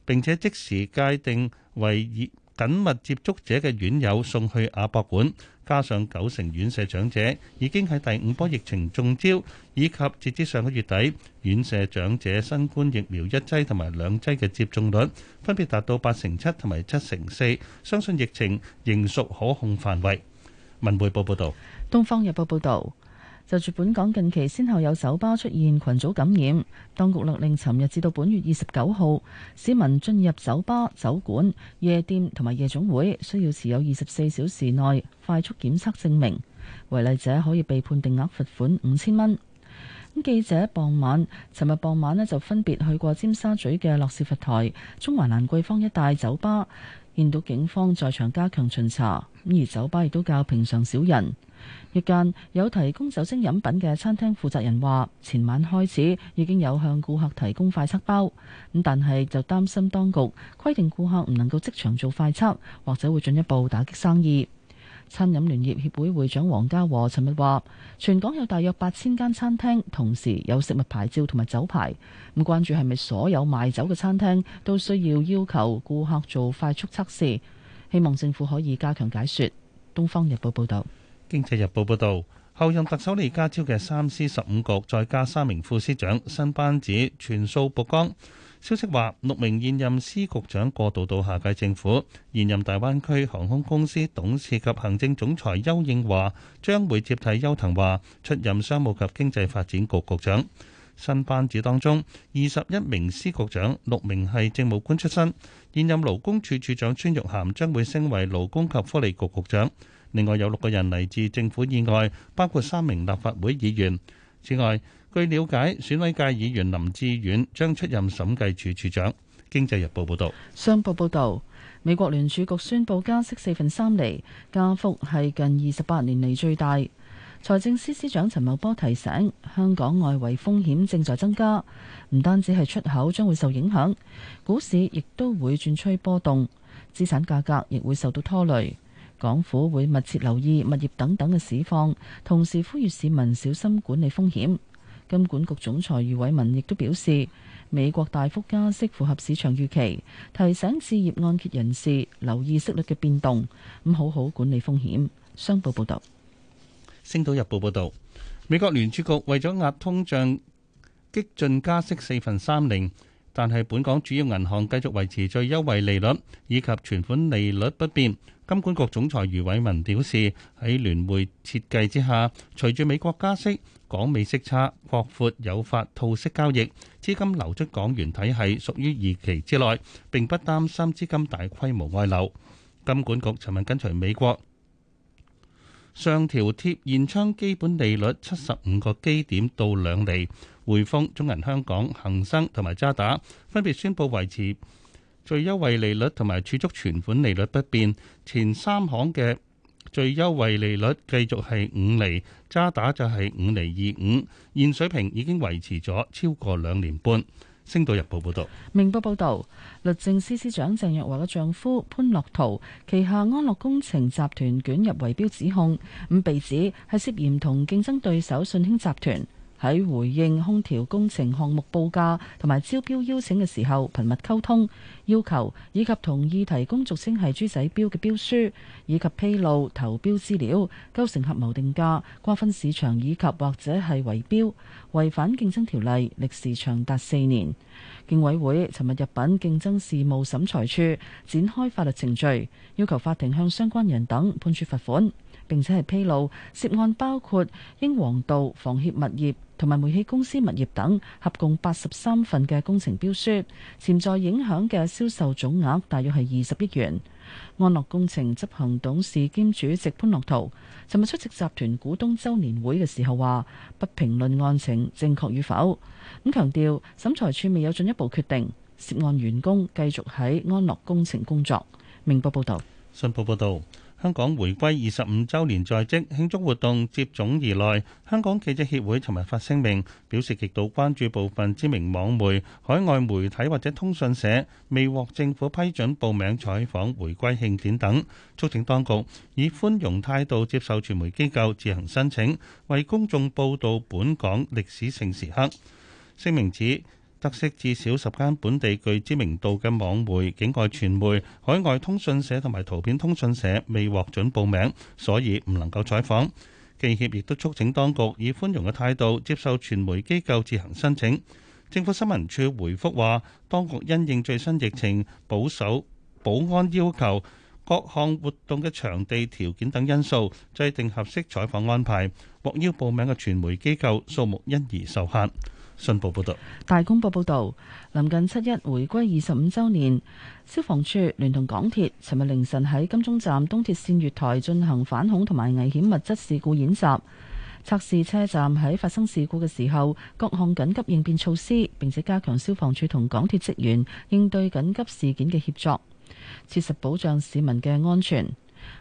並且即時界定為緊密接觸者嘅院友送去亞博館。加上九成院舍長者已經喺第五波疫情中招，以及截至上個月底，院舍長者新冠疫苗一劑同埋兩劑嘅接種率分別達到八成七同埋七成四，相信疫情仍屬可控範圍。文匯報報道，東方日報報道。就住本港近期，先後有酒吧出現群組感染，當局勒令尋日至到本月二十九號，市民進入酒吧、酒館、夜店同埋夜總會需要持有二十四小時內快速檢測證明。違例者可以被判定額罰款五千蚊。記者傍晚，尋日傍晚呢就分別去過尖沙咀嘅諾士佛臺、中環蘭桂坊一帶酒吧，見到警方在場加強巡查，而酒吧亦都較平常少人。一間有提供酒精飲品嘅餐廳負責人話，前晚開始已經有向顧客提供快測包，咁但係就擔心當局規定顧客唔能夠即場做快測，或者會進一步打擊生意。餐飲聯業協會會長黃家和尋日話，全港有大約八千間餐廳，同時有食物牌照同埋酒牌，咁關注係咪所有賣酒嘅餐廳都需要要求顧客做快速測試？希望政府可以加強解說。東方日報報道。《經濟日報》報道，候任特首李家超嘅三司十五局再加三名副司長新班子全數曝光。消息話，六名現任司局長過渡到下屆政府。現任大灣區航空公司董事及行政總裁丘應樺將會接替邱騰華出任商務及經濟發展局局長。新班子當中，二十一名司局長，六名係政務官出身。現任勞工處處長孫玉菡將會升為勞工及福利局局長。另外有六個人嚟自政府以外，包括三名立法會議員。此外，據了解，選委界議員林志遠將出任審計署署長。經濟日報報導。商報報導，美國聯儲局宣布加息四分三厘，加幅係近二十八年嚟最大。財政司司長陳茂波提醒，香港外圍風險正在增加，唔單止係出口將會受影響，股市亦都會轉趨波動，資產價格亦會受到拖累。港府會密切留意物業等等嘅市況，同時呼籲市民小心管理風險。金管局總裁余偉文亦都表示，美國大幅加息符合市場預期，提醒置業按揭人士留意息率嘅變動，咁好好管理風險。商報報道，《星島日報》報道，美國聯儲局為咗壓通脹，激進加息四分三厘。但係，本港主要銀行繼續維持最優惠利率，以及存款利率不變。金管局總裁余偉文表示，喺聯匯設計之下，隨住美國加息，港美息差擴闊，誘發套息交易，資金流出港元體系屬於預期之內，並不擔心資金大規模外流。金管局尋日跟隨美國。上調貼現窗基本利率七十五個基點到兩厘，匯豐、中銀香港、恒生同埋渣打分別宣布維持最優惠利率同埋儲蓄存款利率不變，前三行嘅最優惠利率繼續係五厘，渣打就係五厘二五，現水平已經維持咗超過兩年半。星島日報報道，明報報道，律政司司長鄭若驊嘅丈夫潘樂陶旗下安樂工程集團捲入圍標指控，咁被指係涉嫌同競爭對手信興集團。喺回應空調工程項目報價同埋招標邀請嘅時候頻溝，頻密溝通要求以及同意提供俗稱係豬仔標嘅標書，以及披露投標資料，構成合謀定價瓜分市場，以及或者係圍標違反競爭條例，歷時長達四年。競委會尋日入禀競爭事務審裁處展開法律程序，要求法庭向相關人等判處罰款，並且係披露涉案包括英皇道房協物業。同埋煤氣公司物業等，合共八十三份嘅工程標書，潛在影響嘅銷售總額大約係二十億元。安樂工程執行董事兼主席潘樂圖尋日出席集團股東周年會嘅時候話：不評論案情正確與否。咁強調，審裁處未有進一步決定，涉案員工繼續喺安樂工程工作。明報報道，信報報道。香港回歸二十五周年在即，慶祝活動接踵而來，香港記者協會尋日發聲明表示極度關注部分知名網媒、海外媒體或者通訊社未獲政府批准報名採訪回歸慶典等，促請當局以寬容態度接受傳媒機構自行申請，為公眾報導本港歷史性時刻。聲明指。特色至少十間本地具知名度嘅網媒、境外傳媒、海外通訊社同埋圖片通訊社未獲准報名，所以唔能夠採訪，記協亦都促請當局以寬容嘅態度接受傳媒機構自行申請。政府新聞處回覆話，當局因應最新疫情、保守保安要求、各項活動嘅場地條件等因素，制定合適採訪安排，獲邀報名嘅傳媒機構數目因而受限。信報報導，大公報報導，臨近七一回歸二十五週年，消防處聯同港鐵，尋日凌晨喺金鐘站東鐵線月台進行反恐同埋危險物質事故演習，測試車站喺發生事故嘅時候，各項緊急應變措施，並且加強消防處同港鐵職員應對緊急事件嘅協助，切實保障市民嘅安全。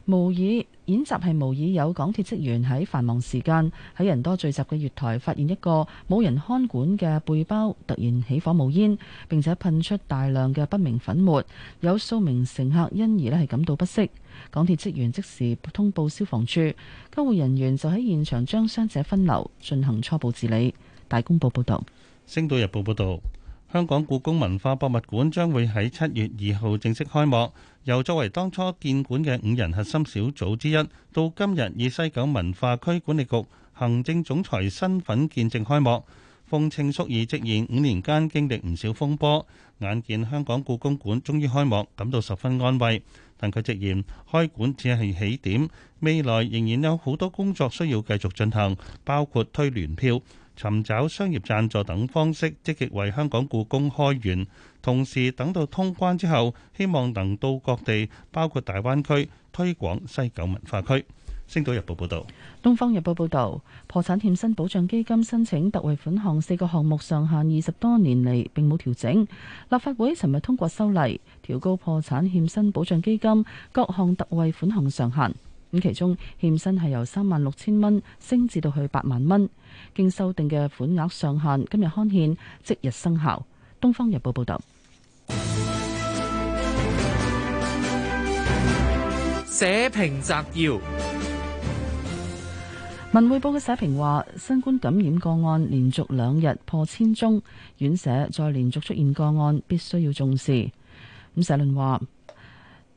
模擬演習係模擬有港鐵職員喺繁忙時間，喺人多聚集嘅月台發現一個冇人看管嘅背包，突然起火冒煙，並且噴出大量嘅不明粉末，有數名乘客因而咧係感到不適。港鐵職員即時通報消防處，救護人員就喺現場將傷者分流進行初步治理。大公報報道，《星島日報》報道。香港故宮文化博物館將會喺七月二號正式開幕。由作為當初建館嘅五人核心小組之一，到今日以西九文化區管理局行政總裁身份見證開幕，馮程淑儀直言五年間經歷唔少風波，眼見香港故宮館終於開幕，感到十分安慰。但佢直言開館只係起點，未來仍然有好多工作需要繼續進行，包括推聯票。尋找商業贊助等方式，積極為香港故宮開源。同時，等到通關之後，希望能到各地，包括大灣區，推廣西九文化區。星島日報報導，東方日報報導，破產欠薪保障基金申請特惠款項四個項目上限二十多年嚟並冇調整。立法會尋日通過修例，調高破產欠薪保障基金各項特惠款項上限。咁其中欠薪係由三萬六千蚊升至到去八萬蚊。經修訂嘅款額上限今日刊憲即日生效。東方日報報道。社評摘要：文匯報嘅社評話，新冠感染個案連續兩日破千宗，院舍再連續出現個案，必須要重視。咁社論話，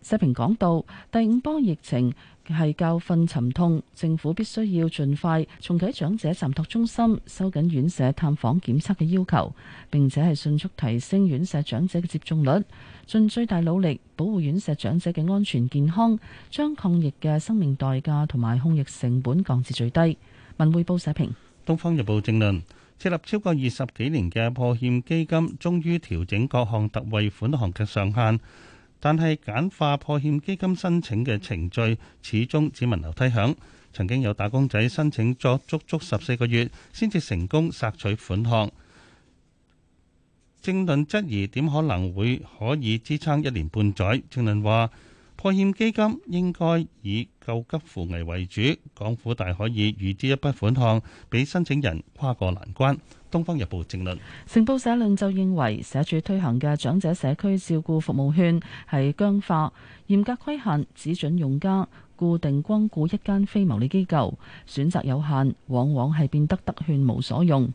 社評講到第五波疫情，係教訓沉痛，政府必須要盡快重啟長者暫託中心，收緊院舍探訪檢測嘅要求，並且係迅速提升院舍長者嘅接種率，盡最大努力保護院舍長者嘅安全健康，將抗疫嘅生命代價同埋控疫成本降至最低。文匯報社評，《東方日報》政論：設立超過二十幾年嘅破欠基金，終於調整各項特惠款項嘅上限。但係簡化破欠基金申請嘅程序，始終只聞樓梯響。曾經有打工仔申請咗足足十四個月，先至成功索取款項。政論質疑點可能會可以支撐一年半載。政論話破欠基金應該以救急扶危為主，港府大可以預支一筆款項，俾申請人跨過難關。《東方日報》政論，成報社論就認為，社署推行嘅長者社區照顧服務券係僵化，嚴格規限，只准用家固定光顧一間非牟利機構，選擇有限，往往係變得得券無所用。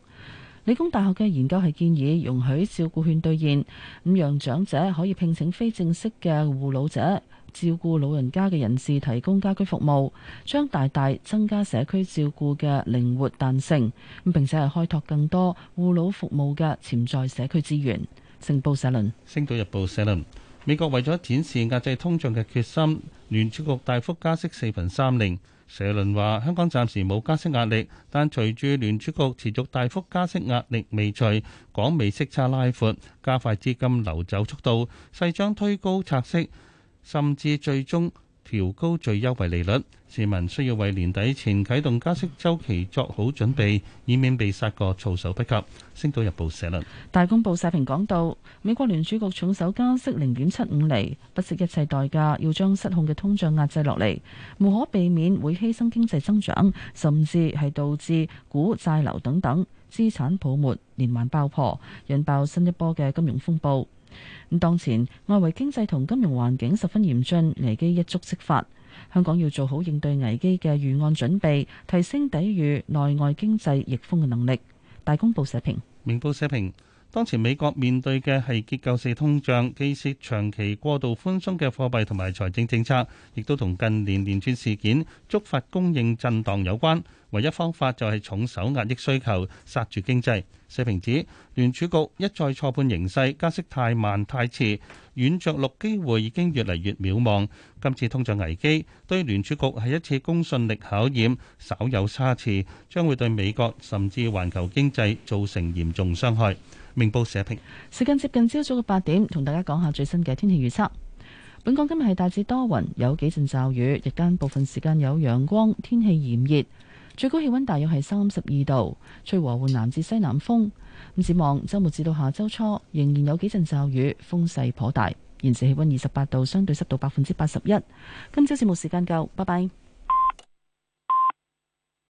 理工大學嘅研究係建議容許照顧券兌現，咁讓長者可以聘請非正式嘅護老者。照顧老人家嘅人士提供家居服務，將大大增加社區照顧嘅靈活彈性，咁並且係開拓更多護老服務嘅潛在社區資源。成報社論，《星島日報》社論，美國為咗展示壓制通脹嘅決心，聯儲局大幅加息四分三厘。社論話，香港暫時冇加息壓力，但隨住聯儲局持續大幅加息壓力未除，港美息差拉闊，加快資金流走速度，勢將推高拆息。甚至最終調高最優惠利率，市民需要為年底前啟動加息周期作好準備，以免被殺個措手不及。星島日報社論。大公報社評講到：美國聯儲局重手加息零點七五厘，不惜一切代價，要將失控嘅通脹壓制落嚟，無可避免會犧牲經濟增長，甚至係導致股債樓等等資產泡沫連環爆破，引爆新一波嘅金融風暴。咁當前外圍經濟同金融環境十分嚴峻，危機一觸即發。香港要做好應對危機嘅預案準備，提升抵御內外經濟逆風嘅能力。大公報社評。明報社評，當前美國面對嘅係結構性通脹，既是長期過度寬鬆嘅貨幣同埋財政政策，亦都同近年連串事件觸發供應震蕩有關。唯一方法就係重手壓抑需求，殺住經濟。社評指聯儲局一再錯判形勢，加息太慢太遲，軟着陸機會已經越嚟越渺茫。今次通脹危機對聯儲局係一次公信力考驗，稍有差池，將會對美國甚至環球經濟造成嚴重傷害。明報社評。時間接近朝早嘅八點，同大家講下最新嘅天氣預測。本港今日係大致多雲，有幾陣驟雨，日間部分時間有陽光，天氣炎熱。最高氣溫大約係三十二度，吹和緩南至西南風。咁展望周末至到下周初，仍然有幾陣驟雨，風勢頗大。現時氣溫二十八度，相對濕度百分之八十一。今朝節目時間夠，拜拜。